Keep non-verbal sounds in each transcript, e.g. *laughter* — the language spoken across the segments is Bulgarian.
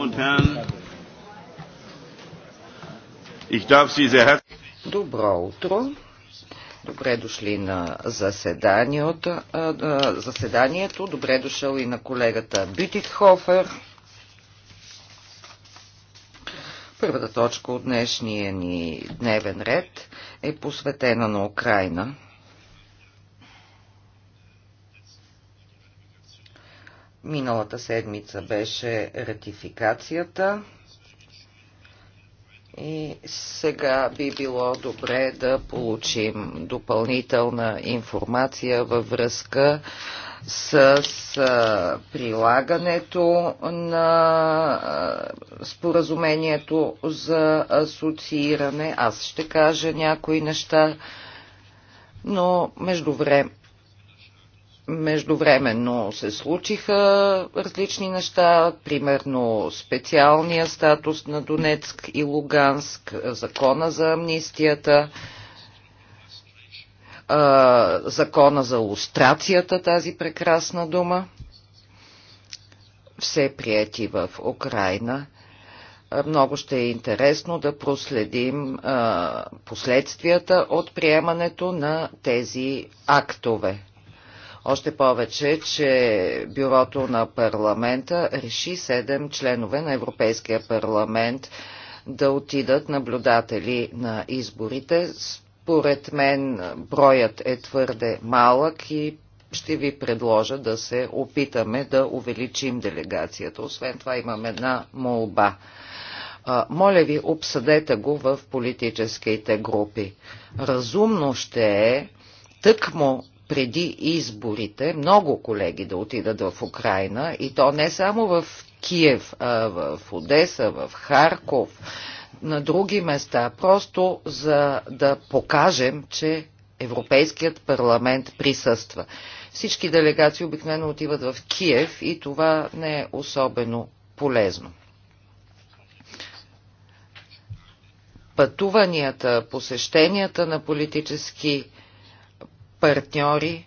Damen und Herren, ich darf Sie sehr herzlich. Добро утро. Добре дошли на заседанието, Добре дошъл и на колегата Бютитхофер. Първата точка от днешния ни дневен ред е посветена на Украина. Миналата седмица беше ратификацията и сега би било добре да получим допълнителна информация във връзка с прилагането на споразумението за асоцииране. Аз ще кажа някои неща, но между време Междувременно се случиха различни неща, примерно специалния статус на Донецк и Луганск, закона за амнистията, закона за лустрацията, тази прекрасна дума, все прияти в Украина. Много ще е интересно да проследим последствията от приемането на тези актове. Още повече, че бюрото на парламента реши 7 членове на Европейския парламент да отидат наблюдатели на изборите. Според мен броят е твърде малък и ще ви предложа да се опитаме да увеличим делегацията. Освен това имам една молба. моля ви, обсъдете го в политическите групи. Разумно ще е тъкмо преди изборите много колеги да отидат в Украина и то не само в Киев, а в Одеса, в Харков, на други места, просто за да покажем, че Европейският парламент присъства. Всички делегации обикновено отиват в Киев и това не е особено полезно. Пътуванията, посещенията на политически партньори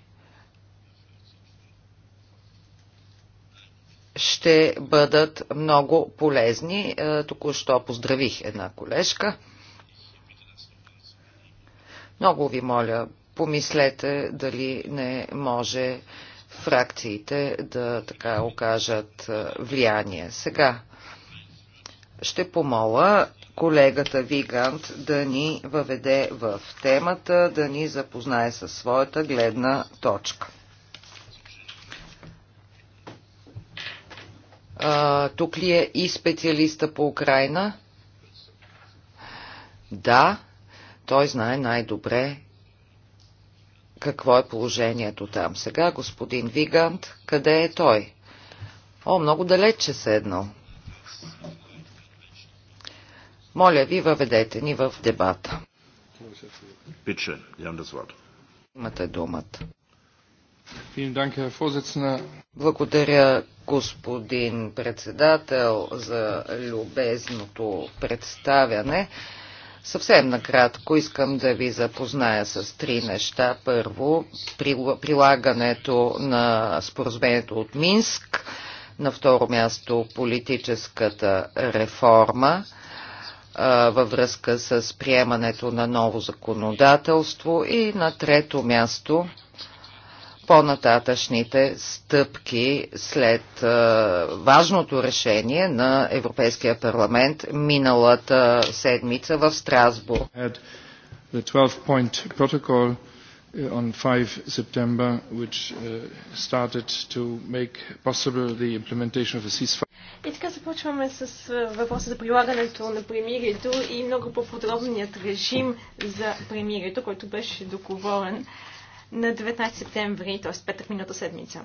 ще бъдат много полезни. Е, току-що поздравих една колежка. Много ви моля, помислете дали не може фракциите да така окажат е, влияние. Сега ще помоля колегата Вигант да ни въведе в темата, да ни запознае със своята гледна точка. А, тук ли е и специалиста по Украина? Да, той знае най-добре какво е положението там. Сега господин Вигант, къде е той? О, много далече седнал. Моля ви, въведете ни в дебата. Bitte, имам да Имате думата. Благодаря, господин председател, за любезното представяне. Съвсем накратко искам да ви запозная с три неща. Първо, прилагането на споразумението от Минск. На второ място, политическата реформа във връзка с приемането на ново законодателство и на трето място по-нататъчните стъпки след а, важното решение на Европейския парламент миналата седмица в Страсбург. Uh, on 5 September, which uh, started to make possible the implementation of a ceasefire. И така започваме с е, въпроса за прилагането на премирието и много по-подробният режим за премирието, който беше договорен на 19 септември, т.е. петък миналата седмица.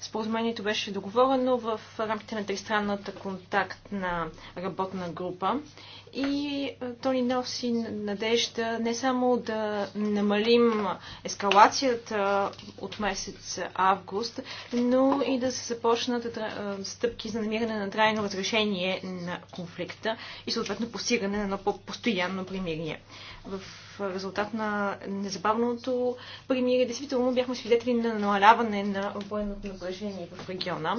Споразумението беше договорено в рамките на тристранната контактна работна група и е, то ни носи надежда не само да намалим ескалацията е, от месец август, но и да се започнат е, стъпки за намиране на трайно разрешение на конфликта и съответно постигане на по-постоянно примирие. В резултат на незабавното примирие, действително бяхме свидетели на намаляване на военното напрежение в региона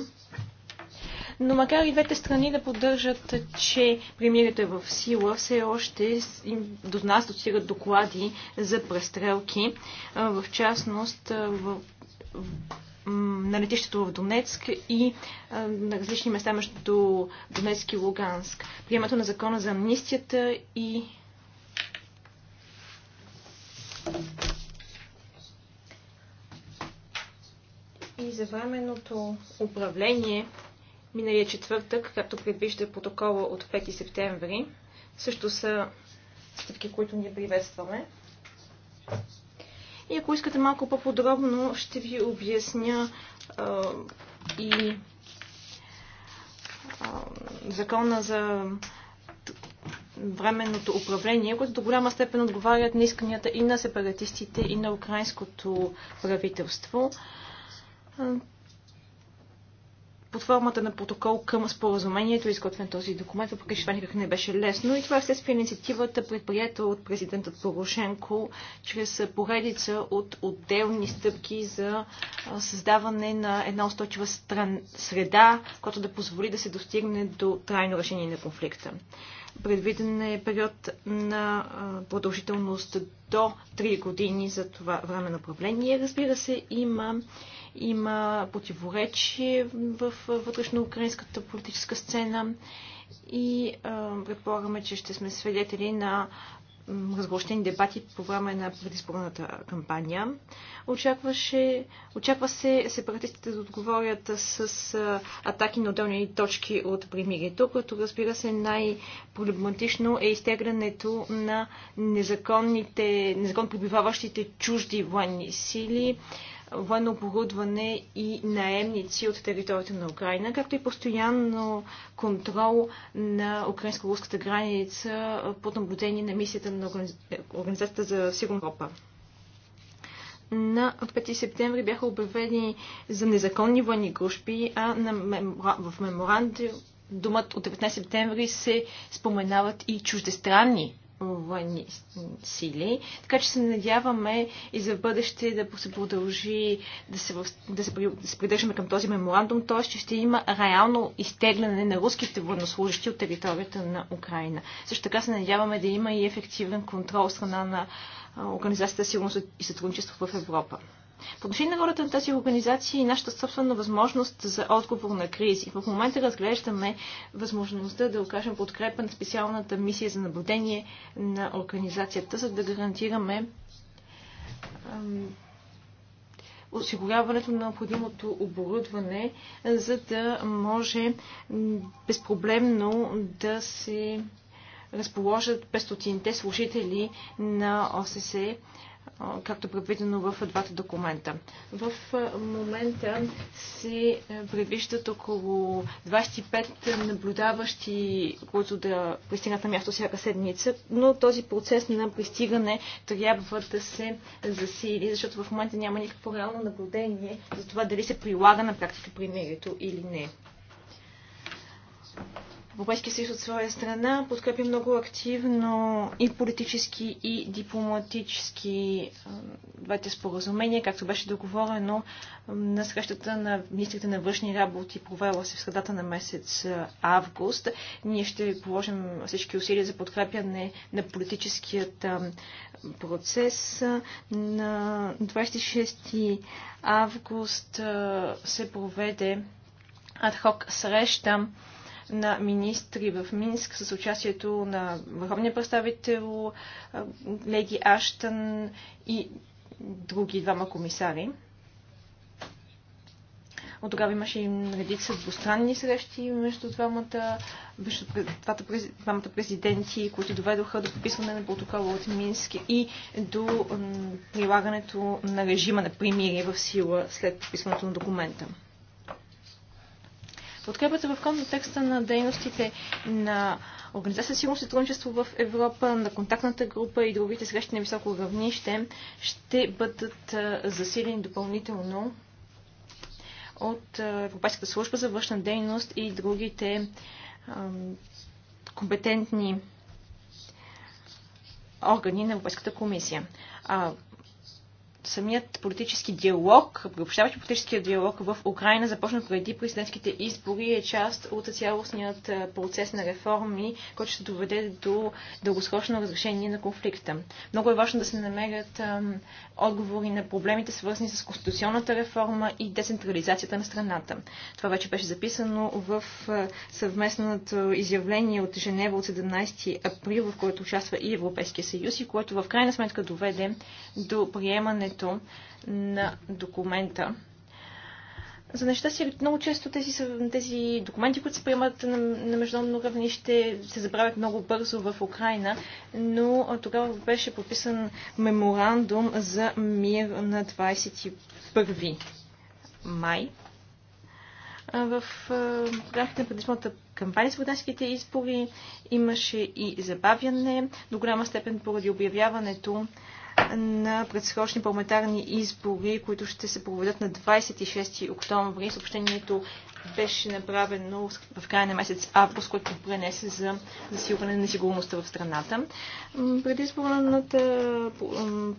но макар и двете страни да поддържат, че премирието е в сила, все още им до нас достигат доклади за престрелки, в частност в, на летището в Донецк и на различни места между Донецк и Луганск. Приемато на закона за амнистията и и за временното управление миналия четвъртък, както предвижда протокола от 5 септември, също са стъпки, които ние приветстваме. И ако искате малко по-подробно, ще ви обясня а, и а, закона за временното управление, които до голяма степен отговарят на исканията и на сепаратистите, и на украинското правителство под формата на протокол към споразумението, изготвен този документ, въпреки че това никак не беше лесно. И това е следствие инициативата, предприета от президентът Порошенко, чрез поредица от отделни стъпки за създаване на една устойчива стран... среда, която да позволи да се достигне до трайно решение на конфликта. Предвиден е период на продължителност до 3 години за това време на управление. Разбира се, има има противоречие в вътрешно-украинската политическа сцена и предполагаме, че ще сме свидетели на разгорещени дебати по време на предизборната кампания. Очакваше, очаква се сепаратистите да отговорят с а, атаки на отделни точки от премирието, като разбира се най-проблематично е изтеглянето на незаконните, незаконно пребиваващите чужди военни сили, военно оборудване и наемници от територията на Украина, както и постоянно контрол на украинско-руската граница под наблюдение на мисията на Организацията за сигурна Европа на 5 септември бяха обявени за незаконни военни групи, а на мемора... в меморандумът от 19 септември се споменават и чуждестранни военни сили. Така че се надяваме и за бъдеще да се продължи да се, да се, да се придържаме към този меморандум, т.е. че ще има реално изтегляне на руските военнослужащи от територията на Украина. Също така се надяваме да има и ефективен контрол от страна на Организацията сигурност и сътрудничество в Европа. По отношение на ролята на тази организация и нашата собствена възможност за отговор на кризи, в момента разглеждаме възможността да окажем подкрепа на специалната мисия за наблюдение на организацията, за да гарантираме осигуряването на необходимото оборудване, за да може безпроблемно да се разположат 500-те служители на ОССЕ както е предвидено в двата документа. В момента се предвиждат около 25 наблюдаващи, които да пристигнат на място всяка седмица, но този процес на пристигане трябва да се засили, защото в момента няма никакво реално наблюдение за това дали се прилага на практика примерието или не. Европейския съюз от своя страна подкрепи много активно и политически, и дипломатически двете споразумения, както беше договорено на срещата на министрите на външни работи, провела се в средата на месец август. Ние ще положим всички усилия за подкрепяне на политическият процес. На 26 август се проведе адхок среща на министри в Минск с участието на върховния представител Леди Аштън и други двама комисари. От тогава имаше и редица двустранни срещи между двамата, между двата, двамата президенти, които доведоха до подписване на протокола от Минск и до прилагането на режима на примирие в сила след подписването на документа. Подкрепата в контекста на дейностите на Организация сигурно сътрудничество в Европа, на контактната група и другите срещи на високо равнище ще бъдат засилени допълнително от Европейската служба за външна дейност и другите компетентни органи на Европейската комисия самият политически диалог, приобщаващи политическия диалог в Украина започна преди президентските избори е част от цялостният процес на реформи, който ще доведе до дългосрочно разрешение на конфликта. Много е важно да се намерят отговори на проблемите, свързани с конституционната реформа и децентрализацията на страната. Това вече беше записано в съвместното изявление от Женева от 17 април, в което участва и Европейския съюз и което в крайна сметка доведе до приемане изготвянето на документа. За неща си много често тези, тези документи, които се приемат на, на международно равнище, се забравят много бързо в Украина, но тогава беше подписан меморандум за мир на 21 май. В рамките на предишната кампания с гражданските избори имаше и забавяне, до голяма степен поради обявяването на предсрочни парламентарни избори, които ще се проведат на 26 октомври. Съобщението беше направено в края на месец август, което пренесе за засилване на сигурността в страната. Предизборната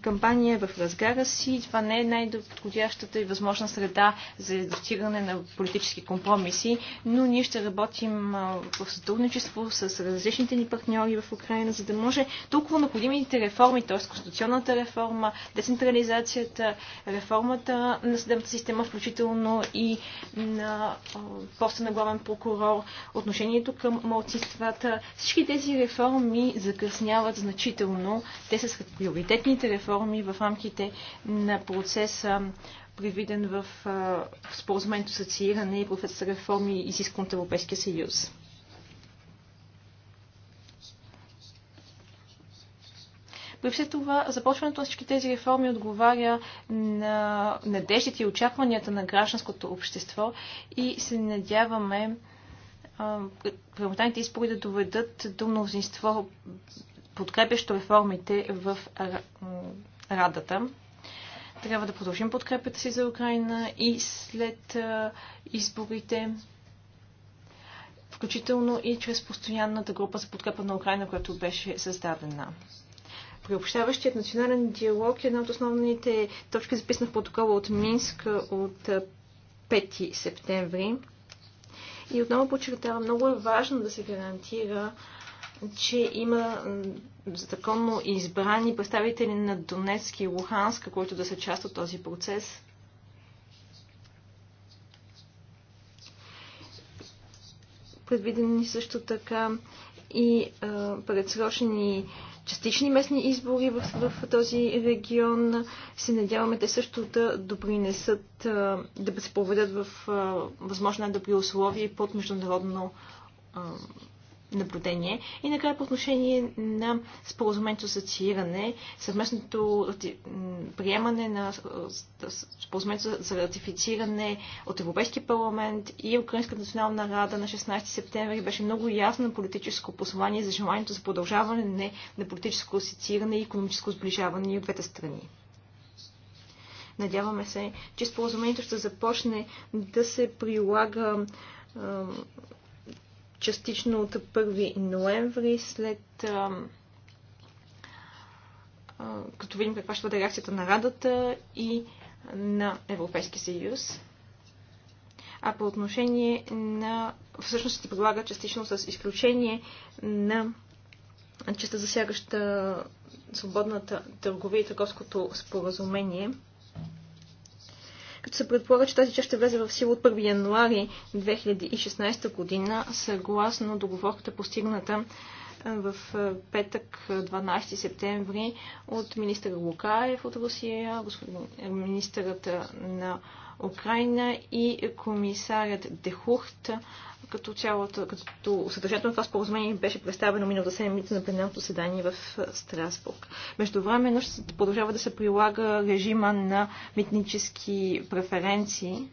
кампания е в разгара си. Това не е най-подходящата и възможна среда за достигане на политически компромиси, но ние ще работим в сътрудничество с различните ни партньори в Украина, за да може толкова необходимите реформи, т.е. конституционната реформа, децентрализацията, реформата на съдебната система, включително и на поста на главен прокурор, отношението към малцинствата. Всички тези реформи закъсняват значително. Те са сред приоритетните реформи в рамките на процеса предвиден в, в споразумението с асоцииране и процеса реформи, изискван от Европейския съюз. При все това, започването на всички тези реформи отговаря на надеждите и очакванията на гражданското общество и се надяваме парламентарните избори да доведат до мнозинство, подкрепящо реформите в Радата. Трябва да продължим подкрепата си за Украина и след изборите, включително и чрез постоянната група за подкрепа на Украина, която беше създадена. Приобщаващият национален диалог е една от основните точки, записана в протокола от Минск от 5 септември. И отново почертава много е важно да се гарантира, че има законно избрани представители на Донецк и Луханска, които да са част от този процес. Предвидени също така и а, предсрочни частични местни избори в, в този регион. Се надяваме те също да допринесат, да се поведат в възможно най-добри условия под международно наблюдение. И накрая по отношение на споразумението за цииране, съвместното приемане на споразумението за ратифициране от Европейския парламент и Украинската национална рада на 16 септември беше много ясно политическо послание за желанието за продължаване на политическо асоцииране и економическо сближаване от двете страни. Надяваме се, че споразумението ще започне да се прилага частично от 1 ноември, след като видим каква ще бъде реакцията на Радата и на Европейския съюз. А по отношение на... Всъщност се предлага частично с изключение на частта засягаща свободната търговия и търговското споразумение – като се предполага, че тази част ще влезе в сила от 1 януари 2016 година, съгласно договорката постигната в петък 12 септември от министър Лукаев от Русия, министърът на Украина и комисарят Дехурт, като, цялото, като съдържанието на това споразумение беше представено миналата седмица на пленарното седание в Страсбург. Между времено ще продължава да се прилага режима на митнически преференции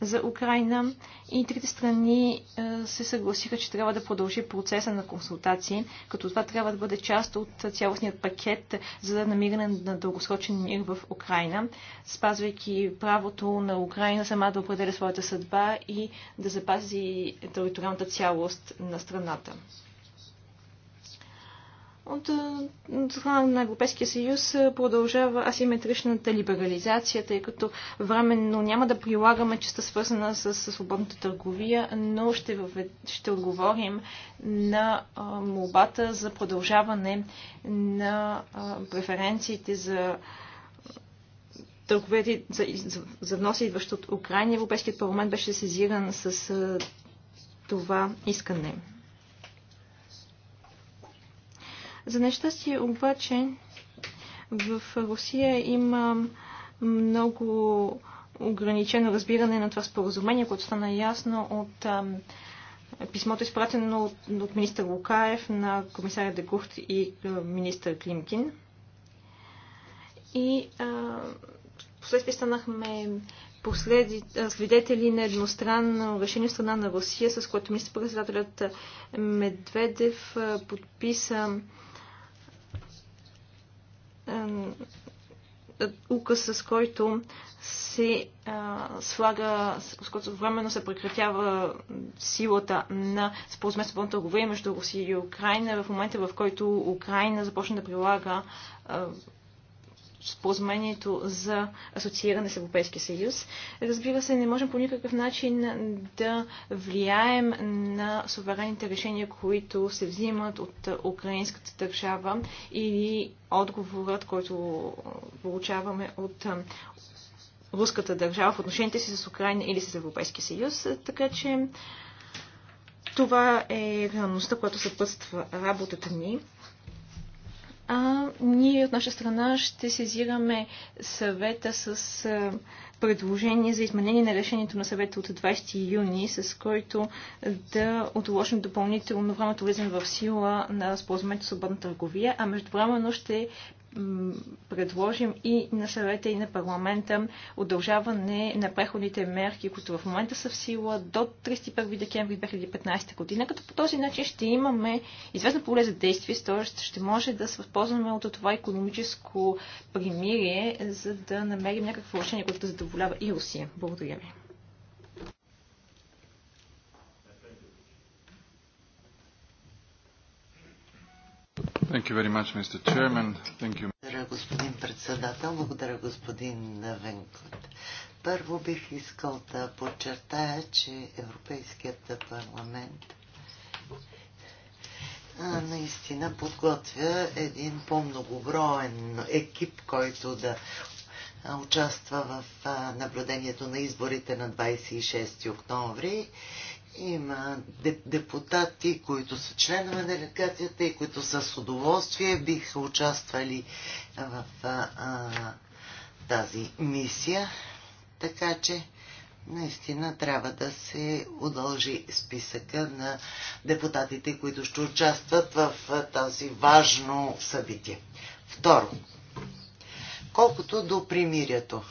за Украина и трите страни е, се съгласиха, че трябва да продължи процеса на консултации, като това трябва да бъде част от цялостният пакет за намиране на дългосрочен мир в Украина, спазвайки правото на Украина сама да определя своята съдба и да запази териториалната цялост на страната. Е, от страна на Европейския съюз е, продължава асиметричната либерализация, тъй като временно няма да прилагаме частта свързана с, с свободната търговия, но ще, ще отговорим на е, молбата за продължаване на а, преференциите за търговете за, за, за вноси, идващ от Украина. Европейският парламент беше сезиран с а, това искане. За нещастие обаче в Русия има много ограничено разбиране на това споразумение, което стана ясно от писмото, изпратено от, от министър Лукаев на комисаря Дегухт и министър Климкин. И а, последствие станахме последи, свидетели на едностранно решение страна на Русия, с което министър-председателят Медведев подписа указ, с който се а, слага, с който временно се прекратява силата на споразумението търговия между Русия и Украина в момента, в който Украина започне да прилага а, споразумението за асоцииране с Европейския съюз. Разбира се, не можем по никакъв начин да влияем на суверенните решения, които се взимат от украинската държава или отговорът, който получаваме от руската държава в отношените си с Украина или с Европейския съюз. Така че това е реалността, която съпътства работата ни а ние от наша страна ще сезираме съвета с а, предложение за изменение на решението на съвета от 20 юни, с който да отложим допълнително времето влизане в сила на споразумението за свободна търговия, а междувременно ще предложим и на съвета и на парламента удължаване на преходните мерки, които в момента са в сила до 31 декември 2015 година, като по този начин ще имаме известно поле за действие, т.е. ще може да се възползваме от това економическо примирие, за да намерим някакво решение, което да задоволява и Русия. Благодаря ви. Thank you very much, Mr. Chairman. Thank you. Благодаря, господин председател. Благодаря, господин Венкот. Първо бих искал да подчертая, че Европейският парламент наистина подготвя един по-многоброен екип, който да участва в наблюдението на изборите на 26 октомври има депутати, които са членове на делегацията и които с удоволствие биха участвали в а, а, тази мисия. Така че наистина трябва да се удължи списъка на депутатите, които ще участват в тази важно събитие. Второ, колкото до примирието.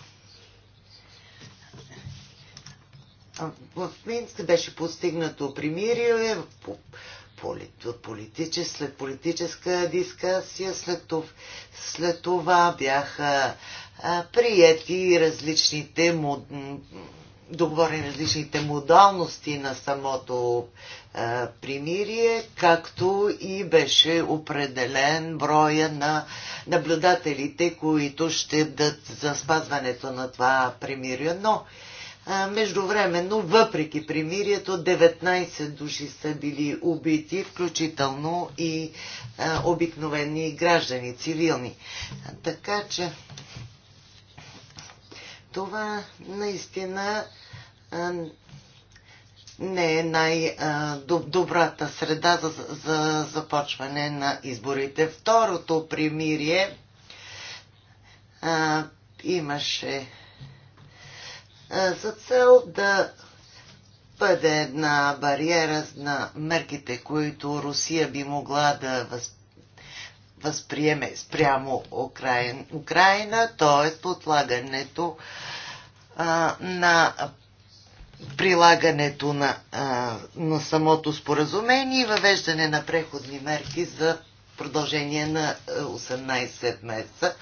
в Минск беше постигнато примирие по, политичес, след политическа дискасия, след, това, след това бяха а, приети различните мод, договорени различните модалности на самото а, примирие, както и беше определен броя на наблюдателите, които ще дадат за спазването на това примирие. Но Междувременно, въпреки примирието, 19 души са били убити, включително и а, обикновени граждани, цивилни. Така че това наистина а, не е най-добрата среда за, за започване на изборите. Второто примирие а, имаше за цел да бъде една бариера на мерките, които Русия би могла да възприеме спрямо Украина, т.е. отлагането на прилагането на, на самото споразумение и въвеждане на преходни мерки за продължение на 18 месеца,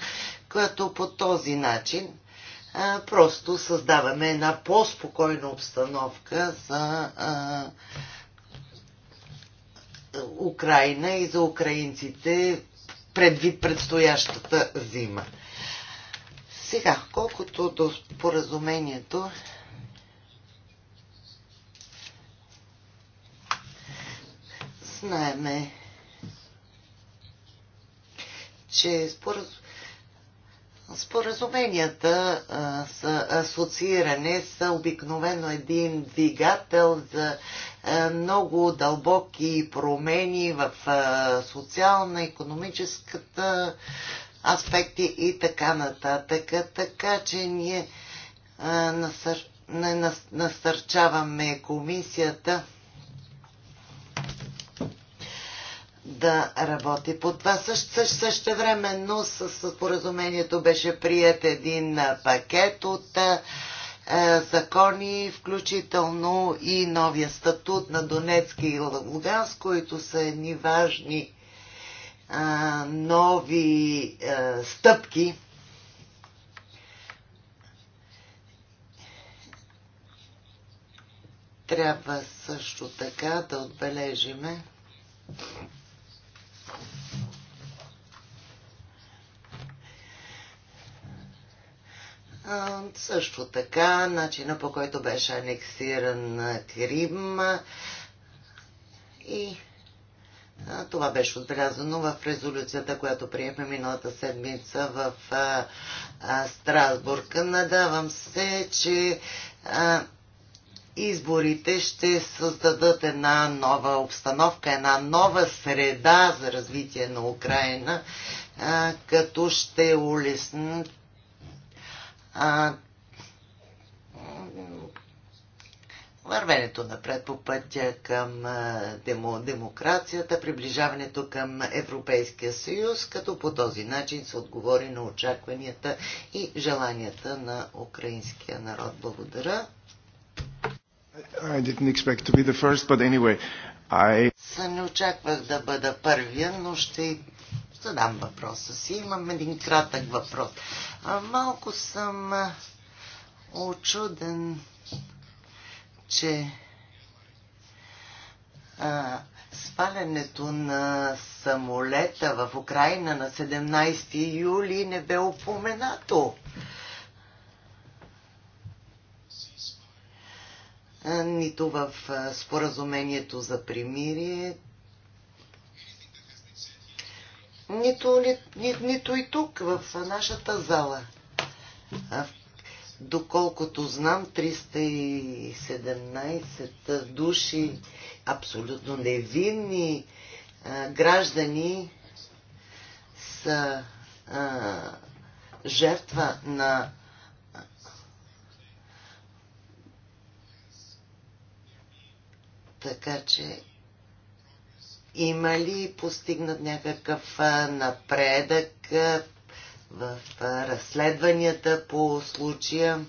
като по този начин а, просто създаваме една по-спокойна обстановка за а, Украина и за украинците предвид предстоящата зима. Сега, колкото до споразумението, знаеме, че споразумението Споразуменията а, асоцииране са обикновено един двигател за а, много дълбоки промени в а, социална, економическата аспекти и така нататък. Така че ние а, насър... насърчаваме комисията да работи по това. Също, също времено с споразумението беше прият един пакет от закони, включително и новия статут на Донецки и Луганск, които са едни важни а, нови а, стъпки. Трябва също така да отбележиме, А, също така, начина по който беше анексиран Крим и а, това беше отбелязано в резолюцията, която приехме миналата седмица в а, а, Страсбург. Надавам се, че а, изборите ще създадат една нова обстановка, една нова среда за развитие на Украина, като ще улеснат а, вървенето напред по пътя към демо, демокрацията, приближаването към Европейския съюз, като по този начин се отговори на очакванията и желанията на украинския народ. Благодаря. I didn't expect to be the first, but anyway, I... не очаквах да бъда първия, но ще задам въпроса си. Имам един кратък въпрос. Малко съм очуден, че свалянето на самолета в Украина на 17 юли не бе упоменато. Нито в споразумението за примирие, нито, ни, ни, нито и тук, в нашата зала. А, доколкото знам, 317 души, абсолютно невинни а, граждани са а, жертва на така че има ли постигнат някакъв напредък в разследванията по случая?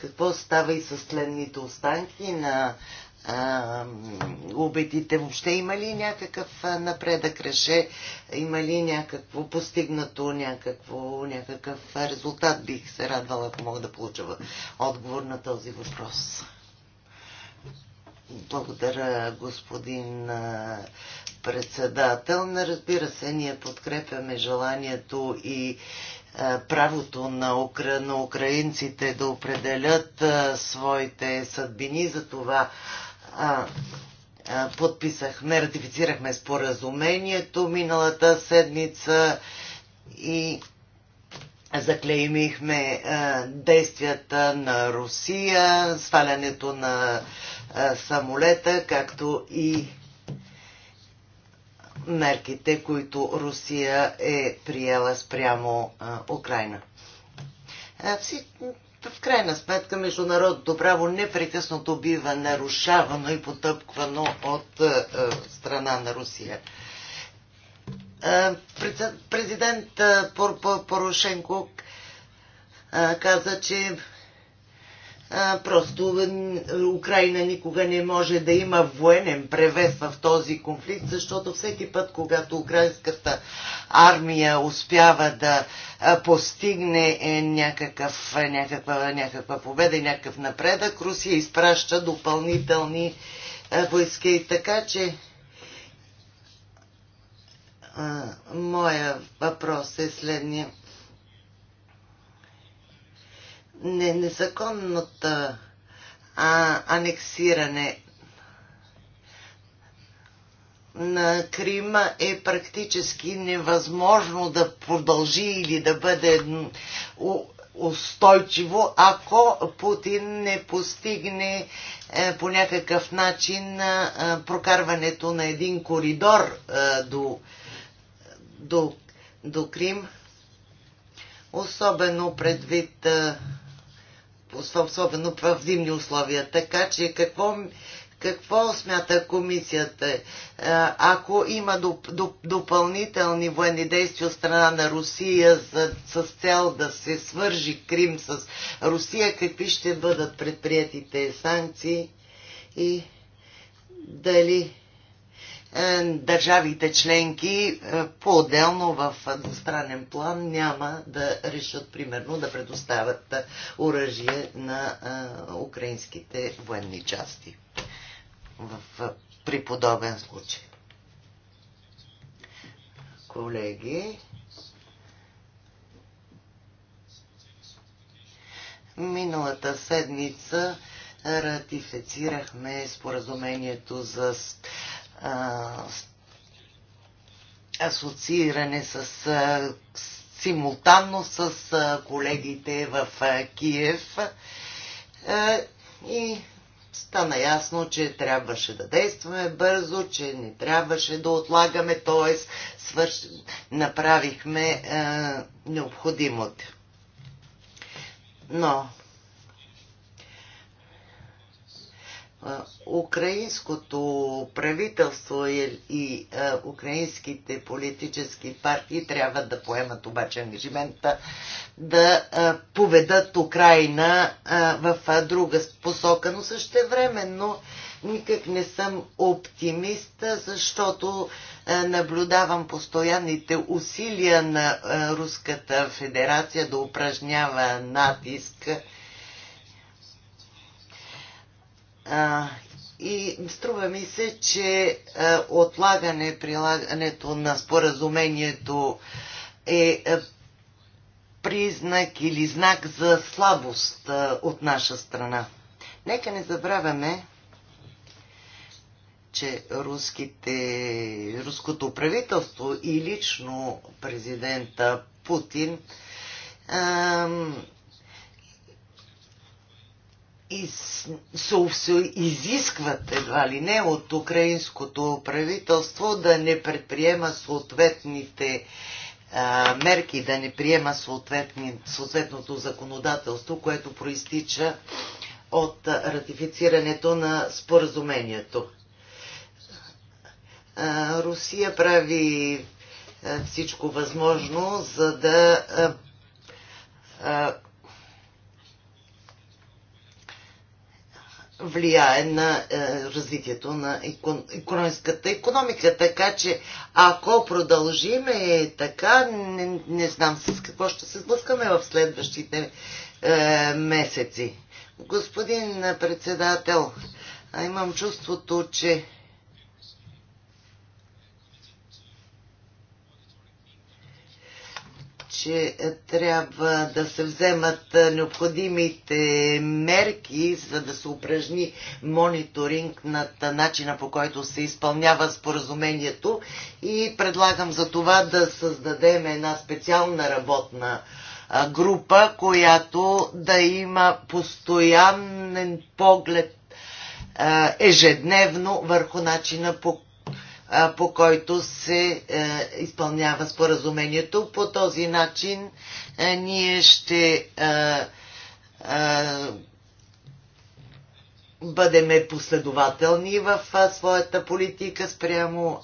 Какво става и с следните останки на убедите? Въобще има ли някакъв напредък реше? Има ли някакво постигнато, някакво, някакъв резултат? Бих се радвала, ако мога да получа отговор на този въпрос. Благодаря, господин председател. Разбира се, ние подкрепяме желанието и правото на, укра... на украинците да определят а, своите съдбини. За това а, а, подписахме, ратифицирахме споразумението миналата седмица и заклеймихме действията на Русия, свалянето на самолета, както и мерките, които Русия е приела спрямо Украина. в крайна сметка международното право непрекъснато бива нарушавано и потъпквано от страна на Русия. Президент Порошенко каза, че просто Украина никога не може да има военен превес в този конфликт, защото всеки път, когато украинската армия успява да постигне е, някакъв, е, някаква, някаква победа и някакъв напредък, Русия изпраща допълнителни войски. Така че а, моя въпрос е следния. Не, незаконното а, анексиране на Крима е практически невъзможно да продължи или да бъде устойчиво, ако Путин не постигне е, по някакъв начин е, прокарването на един коридор е, до до, до Крим, особено предвид особено в зимни условия. Така че какво, какво смята комисията? Ако има допълнителни военни действия от страна на Русия за, с цел да се свържи Крим с Русия, какви ще бъдат предприятите санкции и дали е, държавите членки е, по-отделно в двустранен план няма да решат, примерно, да предоставят оръжие на е, украинските военни части в, приподобен случай. Колеги, миналата седмица ратифицирахме споразумението за асоцииране с а, симултанно с а, колегите в а, Киев а, и стана ясно, че трябваше да действаме бързо, че не трябваше да отлагаме, т.е. Свърш... направихме а, необходимото. Но украинското правителство и, и а, украинските политически партии трябва да поемат обаче ангажимента да а, поведат Украина а, в а, друга посока, но същевременно никак не съм оптимист, защото а, наблюдавам постоянните усилия на а, Руската федерация да упражнява натиск А, и струва ми се, че а, отлагане прилагането на споразумението е а, признак или знак за слабост а, от наша страна. Нека не забравяме, че руските, руското правителство и лично президента Путин из, се изискват едва ли не от украинското правителство да не предприема съответните а, мерки, да не приема съответното законодателство, което проистича от ратифицирането на споразумението. А, Русия прави а, всичко възможно, за да а, влияе на е, развитието на екон, економическата економика. Така че, ако продължиме така, не, не знам с какво ще се сблъскаме в следващите е, месеци. Господин председател, имам чувството, че че е, трябва да се вземат е, необходимите мерки, за да се упражни мониторинг над е, начина по който се изпълнява споразумението и предлагам за това да създадем една специална работна група, която да има постоянен поглед ежедневно върху начина по по който се е, изпълнява споразумението. По този начин е, ние ще е, бъдеме последователни в своята политика спрямо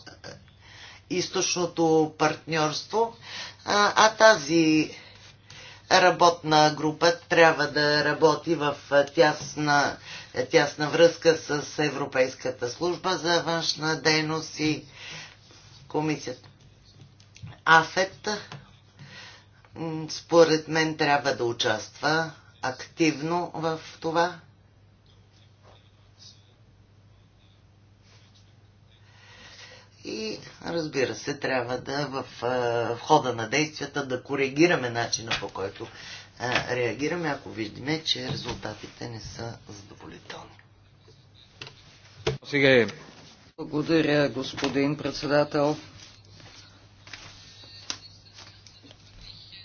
източното партньорство, а, а тази работна група трябва да работи в тясна тясна връзка с Европейската служба за външна дейност и комисията. АФЕТ според мен трябва да участва активно в това. И разбира се, трябва да в, в хода на действията да коригираме начина по който реагираме, ако видиме, че резултатите не са задоволителни. Сега е. Благодаря, господин председател.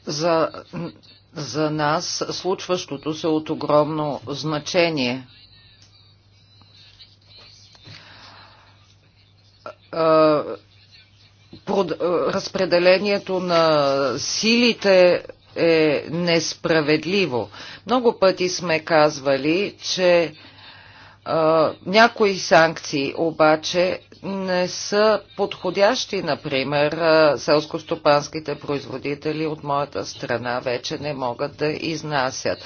За, за нас случващото се е от огромно значение. А, разпределението на силите е несправедливо. Много пъти сме казвали, че а, някои санкции обаче не са подходящи, например, селскостопанските производители от моята страна вече не могат да изнасят.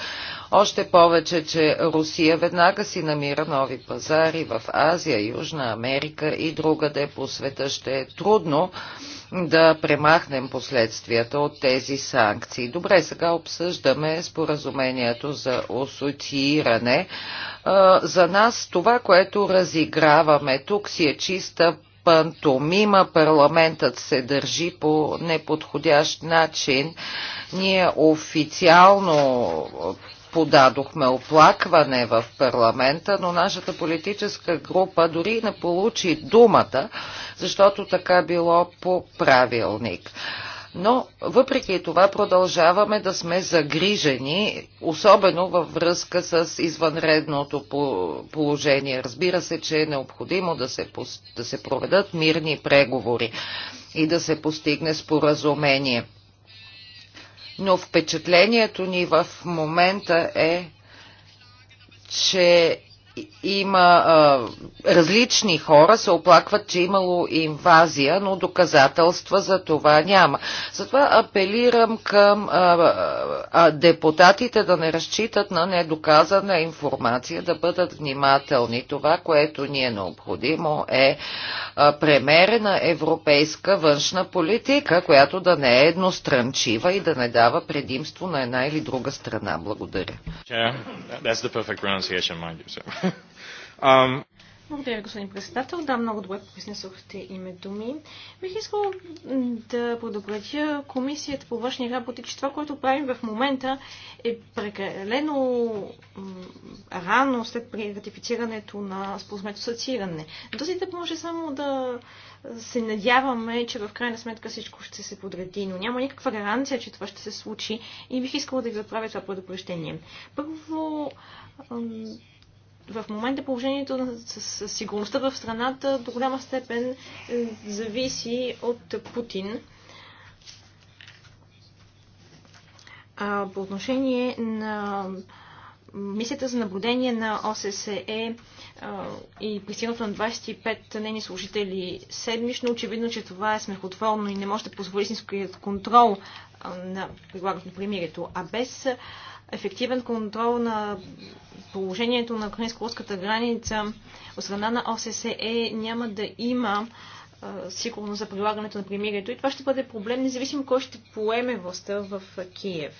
Още повече, че Русия веднага си намира нови пазари в Азия, Южна Америка и другаде по света ще е трудно да премахнем последствията от тези санкции. Добре, сега обсъждаме споразумението за асоцииране. За нас това, което разиграваме тук си е чиста пантомима, парламентът се държи по неподходящ начин. Ние официално подадохме оплакване в парламента, но нашата политическа група дори не получи думата, защото така било по правилник. Но въпреки това продължаваме да сме загрижени, особено във връзка с извънредното положение. Разбира се, че е необходимо да се, да се проведат мирни преговори и да се постигне споразумение но впечатлението ни в момента е, че има а, различни хора се оплакват, че имало инвазия, но доказателства за това няма. Затова апелирам към а, а, депутатите да не разчитат на недоказана информация, да бъдат внимателни. Това, което ни е необходимо е а, премерена европейска външна политика, която да не е едностранчива и да не дава предимство на една или друга страна. Благодаря. Yeah, that's the um... *laughs* Благодаря ви, господин председател. Да, много добре произнесохте името ми. Бих искал да подобря комисията по външни работи, че това, което правим в момента е прекалено рано след ратифицирането на споразумението асоцииране. До да може само да се надяваме, че в крайна сметка всичко ще се подреди, но няма никаква гаранция, че това ще се случи и бих искала да ви направя това предупреждение. Първо, в момента положението с сигурността в страната до голяма степен е, зависи от Путин. А по отношение на мисията за наблюдение на ОССЕ и пристигнато на 25 нейни служители седмично, очевидно, че това е смехотворно и не може да позволи истинският контрол на прилагането на примирието. А без ефективен контрол на положението на украинско-руската граница от страна на ОССЕ е, няма да има сигурно за прилагането на примирието и това ще бъде проблем, независимо кой ще поеме властта в Киев.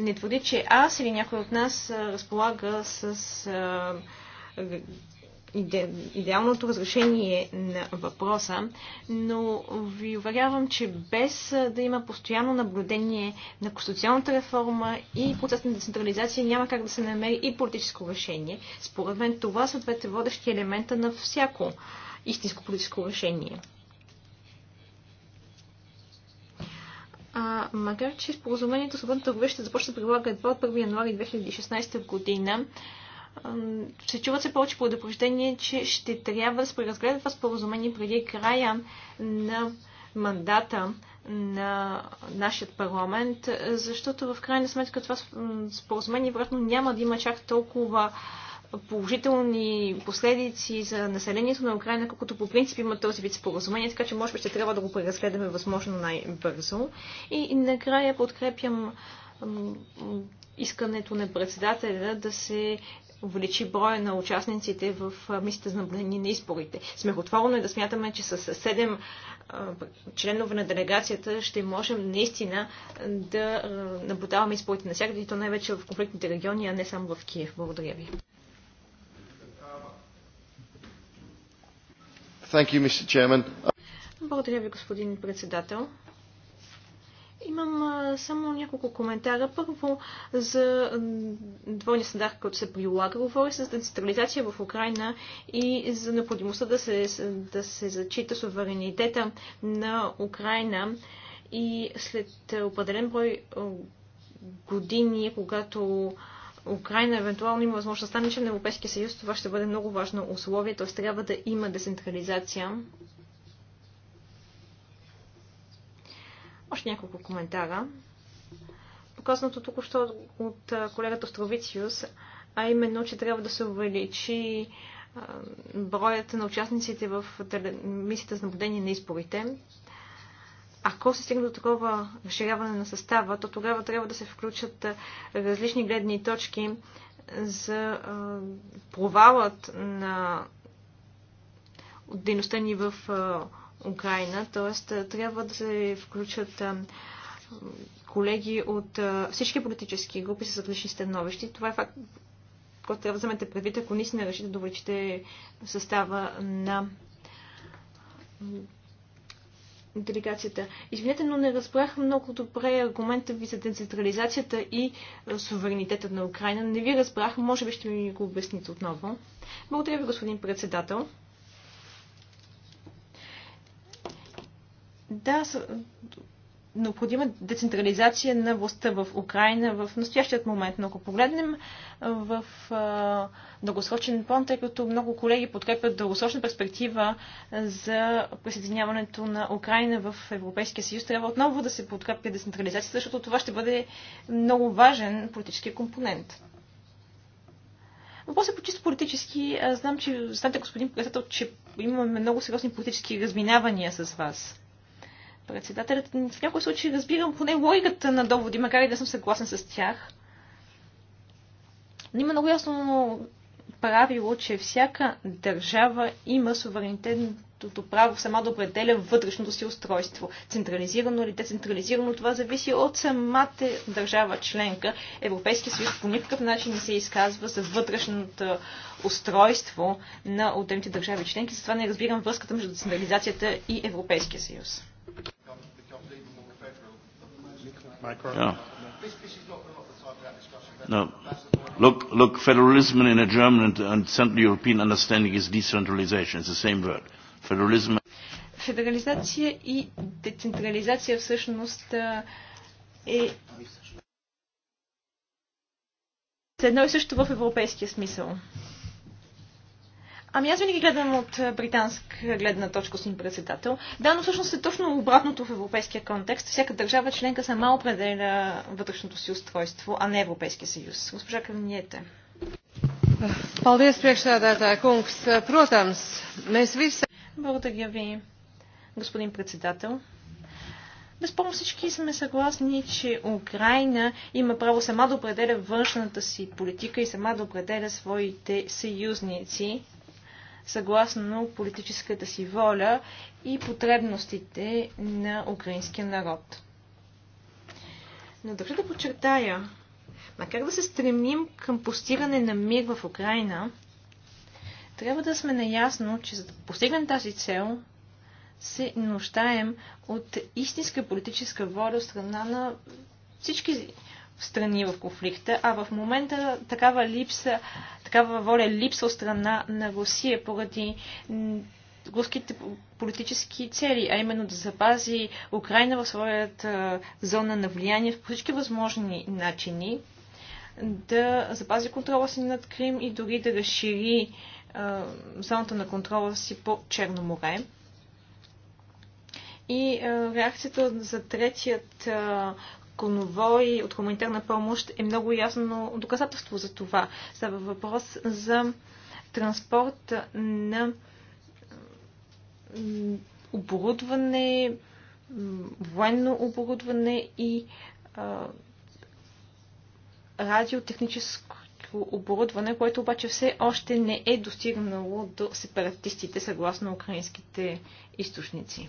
Не твърди, че аз или някой от нас разполага с иде, идеалното разрешение на въпроса, но ви уверявам, че без да има постоянно наблюдение на конституционната реформа и процес на децентрализация няма как да се намери и политическо решение. Според мен това са двете водещи елемента на всяко истинско политическо решение. А, макар, че споразумението с Бъдната ще започне да прилага едва от 1 януари 2016 година, се чуват се повече предупреждения, че ще трябва да се преразгледа това споразумение преди края на мандата на нашия парламент, защото в крайна сметка това споразумение вероятно няма да има чак толкова положителни последици за населението на Украина, колкото по принцип има този вид споразумение, така че може би ще трябва да го преразгледаме възможно най-бързо. И накрая подкрепям искането на председателя да се увеличи броя на участниците в мисията за наблюдение на изборите. Смехотворно е да смятаме, че с 7 членове на делегацията ще можем наистина да наблюдаваме изпорите навсякъде и то най-вече в конфликтните региони, а не само в Киев. Благодаря ви. You, Благодаря ви, господин председател. Имам а, само няколко коментара. Първо за двойния стандарт, който се прилага. Говори се за децентрализация в Украина и за необходимостта да се, да се зачита суверенитета на Украина. И след определен брой години, когато Украина евентуално има възможност да стане член на Европейския съюз, това ще бъде много важно условие, т.е. трябва да има децентрализация. Още няколко коментара. Показаното току-що от колегата Островициус, а именно, че трябва да се увеличи броят на участниците в мисията за наблюдение на изборите. Ако се стигне до такова разширяване на състава, то тогава трябва да се включат различни гледни точки за провалът на дейността ни в Украина, т.е. трябва да се включат колеги от всички политически групи с различни становищи. Това е факт, който трябва да вземете предвид, ако наистина решите да увеличите състава на делегацията. Извинете, но не разбрах много добре аргумента ви за децентрализацията и суверенитета на Украина. Не ви разбрах, може би ще ми го обясните отново. Благодаря ви, господин председател. Да, необходима децентрализация на властта в Украина в настоящият момент. Но ако погледнем в а, дългосрочен план, тъй като много колеги подкрепят дългосрочна перспектива за присъединяването на Украина в Европейския съюз, трябва отново да се подкрепя децентрализацията, защото това ще бъде много важен политически компонент. Въпросът е по чисто политически. Аз знам, че знаете, господин председател, че имаме много сериозни политически разминавания с вас. Председателят в някои случаи разбирам поне логиката на доводи, макар и да съм съгласен с тях. Но има много ясно правило, че всяка държава има суверенитетното право сама да определя вътрешното си устройство. Централизирано или децентрализирано, това зависи от самата държава членка. Европейския съюз по никакъв начин не се изказва за вътрешното устройство на отделните държави членки. Затова не разбирам връзката между децентрализацията и Европейския съюз micro. Yeah. No. Look, look, federalism in a German and, and Central European understanding is decentralization. It's the same word. Federalism. Федерализация и децентрализация всъщност е едно и също в европейския смисъл. Ами аз винаги гледам от е, британска гледна точка, господин председател. Да, но всъщност е точно обратното в европейския контекст. Всяка държава членка сама определя вътрешното си устройство, а не Европейския съюз. Госпожа Кавиниете. Благодаря ви, господин председател. Безспорно всички сме съгласни, че Украина има право сама да определя външната си политика и сама да определя своите съюзници съгласно политическата си воля и потребностите на украинския народ. Но държа да подчертая, макар да се стремим към постигане на мир в Украина, трябва да сме наясно, че за да постигнем тази цел, се нуждаем от истинска политическа воля от страна на всички страни в конфликта, а в момента такава липса Такава воля липса от страна на Русия поради руските политически цели, а именно да запази Украина в своята зона на влияние по всички възможни начини, да запази контрола си над Крим и дори да разшири а, зоната на контрола си по Черно море. И реакцията за третият конвой от хуманитарна помощ е много ясно доказателство за това. Става въпрос за транспорт на оборудване, военно оборудване и а, радиотехническо оборудване, което обаче все още не е достигнало до сепаратистите, съгласно украинските източници.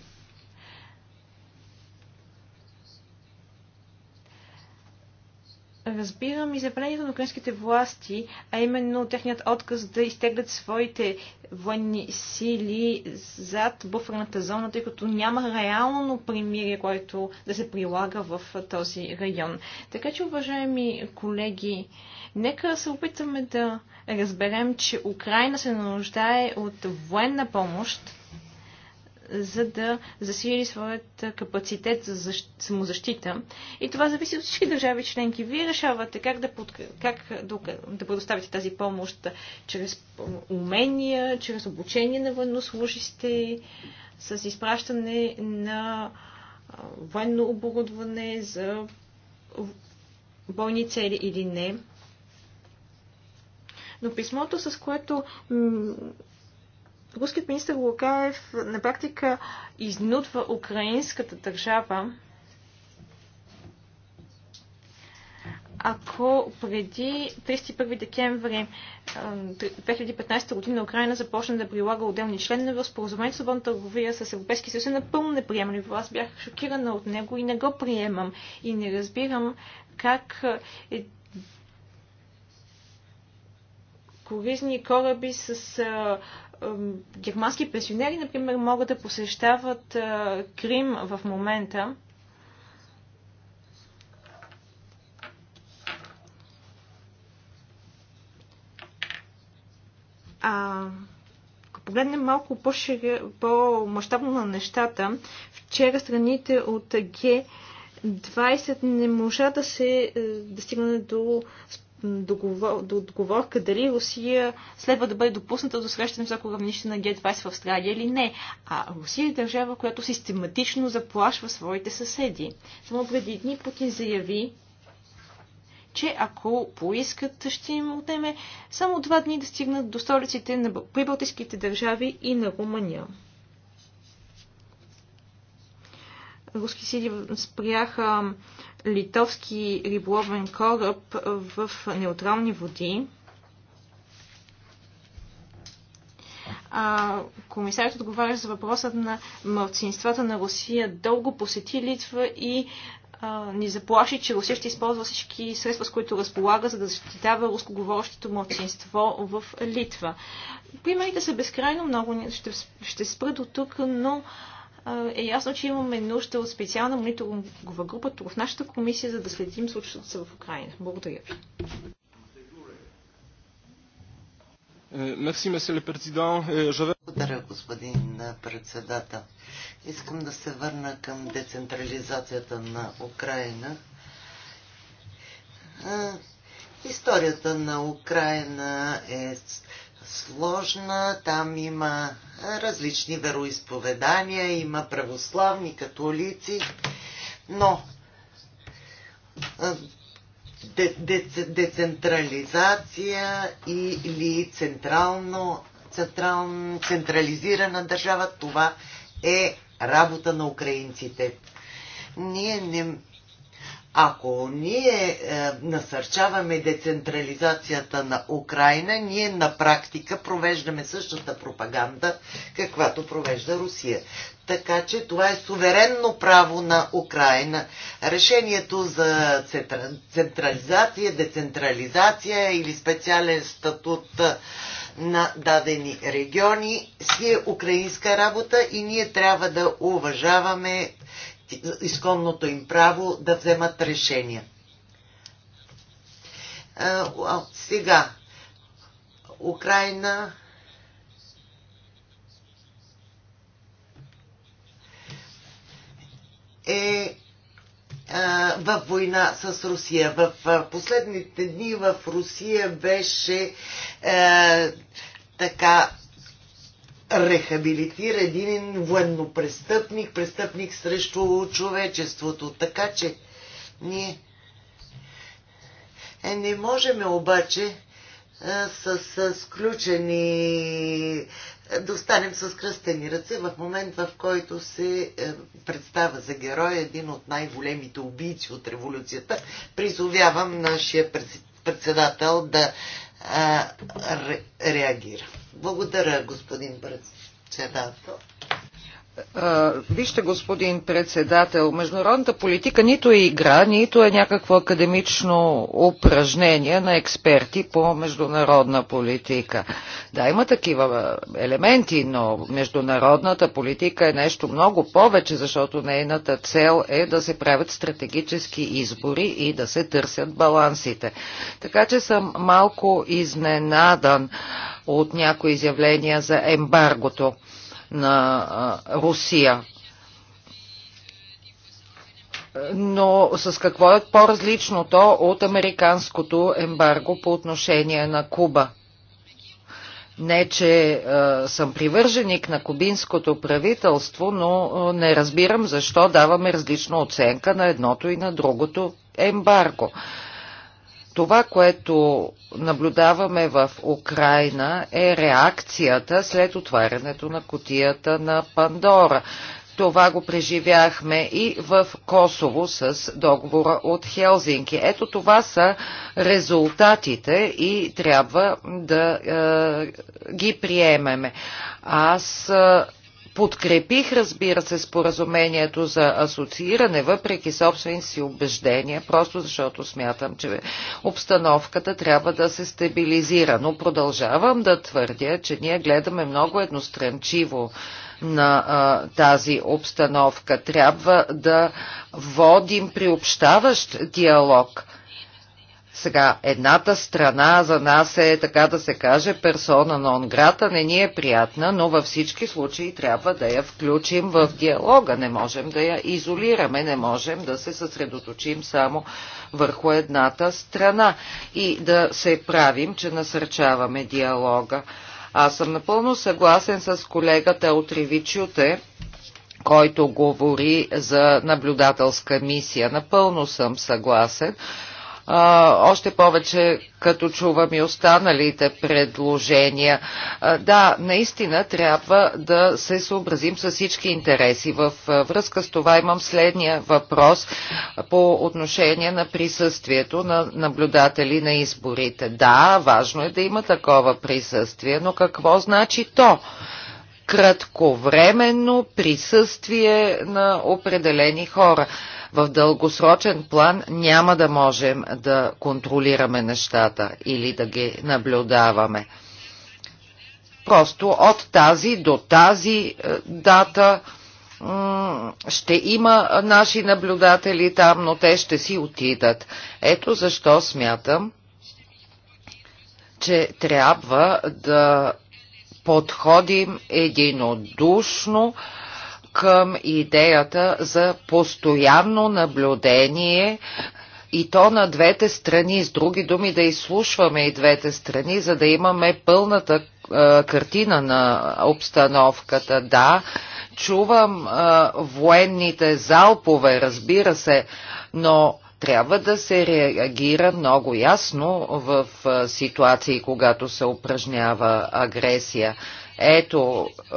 разбирам и заявлението на украинските власти, а именно техният отказ да изтеглят своите военни сили зад буферната зона, тъй като няма реално примирие, което да се прилага в този район. Така че, уважаеми колеги, нека се опитаме да разберем, че Украина се нуждае от военна помощ, за да засили своят капацитет за самозащита. И това зависи от всички държави членки. Вие решавате как да, под... как да предоставите тази помощ чрез умения, чрез обучение на военнослужащите, с изпращане на военно оборудване за бойни цели или не. Но писмото, с което руският министр Лукаев на практика изнудва украинската държава ако преди 31 декември 2015 година Украина започна да прилага отделни членове в споразумението свободна търговия с Европейския съюз е напълно неприемливо. Аз бях шокирана от него и не го приемам. И не разбирам как е круизни кораби с а, а, германски пенсионери, например, могат да посещават а, Крим в момента. А, ако погледнем малко по-масштабно по на нещата, вчера страните от Г20 не можа да се достигне да до договор, договорка дали Русия следва да бъде допусната до среща на високо равнище на Г-20 в Австралия или не. А Русия е държава, която систематично заплашва своите съседи. Само преди дни Путин заяви, че ако поискат, ще им отнеме само два дни да стигнат до столиците на прибалтийските държави и на Румъния. руски сили спряха литовски риболовен кораб в неутрални води. комисарят отговаря за въпросът на мълцинствата на Русия дълго посети Литва и а, ни заплаши, че Русия ще използва всички средства, с които разполага, за да защитава рускоговорящото мълцинство в Литва. Примерите са безкрайно много, ще, ще спра до тук, но е ясно, че имаме нужда от специална мониторингова група тук в нашата комисия, за да следим случващото се в Украина. Благодаря ви. Е, е, Благодаря, господин председател. Искам да се върна към децентрализацията на Украина. Е, историята на Украина е сложна. Там има различни вероисповедания, има православни, католици, но децентрализация или централно, централизирана държава, това е работа на украинците. Ние не, ако ние е, насърчаваме децентрализацията на Украина, ние на практика провеждаме същата пропаганда, каквато провежда Русия. Така че това е суверенно право на Украина. Решението за централизация, децентрализация или специален статут е, на дадени региони си е украинска работа и ние трябва да уважаваме изконното им право да вземат решения. А, сега, Украина е в война с Русия. В последните дни в Русия беше е, така рехабилитира един военнопрестъпник, престъпник срещу човечеството. Така че ние е, не можем обаче с, с сключени, да останем с кръстени ръце в момент, в който се е, представа за герой един от най-големите убийци от революцията. Призовявам нашия председател да а, ре, реагира. Благодаря, господин председател. Вижте, господин председател, международната политика нито е игра, нито е някакво академично упражнение на експерти по международна политика. Да, има такива елементи, но международната политика е нещо много повече, защото нейната цел е да се правят стратегически избори и да се търсят балансите. Така че съм малко изненадан от някои изявления за ембаргото на Русия. Но с какво е по-различното от американското ембарго по отношение на Куба? Не, че е, съм привърженик на кубинското правителство, но е, не разбирам защо даваме различна оценка на едното и на другото ембарго. Е, това, което наблюдаваме в Украина е реакцията след отварянето на котията на Пандора. Това го преживяхме и в Косово с договора от Хелзинки. Ето това са резултатите и трябва да е, ги приемеме. Аз е, Подкрепих, разбира се, споразумението за асоцииране, въпреки собствените си убеждения, просто защото смятам, че обстановката трябва да се стабилизира. Но продължавам да твърдя, че ние гледаме много едностранчиво на а, тази обстановка. Трябва да водим приобщаващ диалог – сега, едната страна за нас е, така да се каже, персона на онграта не ни е приятна, но във всички случаи трябва да я включим в диалога. Не можем да я изолираме, не можем да се съсредоточим само върху едната страна и да се правим, че насърчаваме диалога. Аз съм напълно съгласен с колегата от Ревичюте, който говори за наблюдателска мисия. Напълно съм съгласен а, още повече като чувам и останалите предложения. А, да, наистина трябва да се съобразим с всички интереси. В връзка с това имам следния въпрос по отношение на присъствието на наблюдатели на изборите. Да, важно е да има такова присъствие, но какво значи то? Кратковременно присъствие на определени хора в дългосрочен план няма да можем да контролираме нещата или да ги наблюдаваме. Просто от тази до тази е, дата ще има наши наблюдатели там, но те ще си отидат. Ето защо смятам, че трябва да подходим единодушно към идеята за постоянно наблюдение и то на двете страни, с други думи да изслушваме и двете страни, за да имаме пълната е, картина на обстановката. Да, чувам е, военните залпове, разбира се, но трябва да се реагира много ясно в ситуации, когато се упражнява агресия. Ето, е,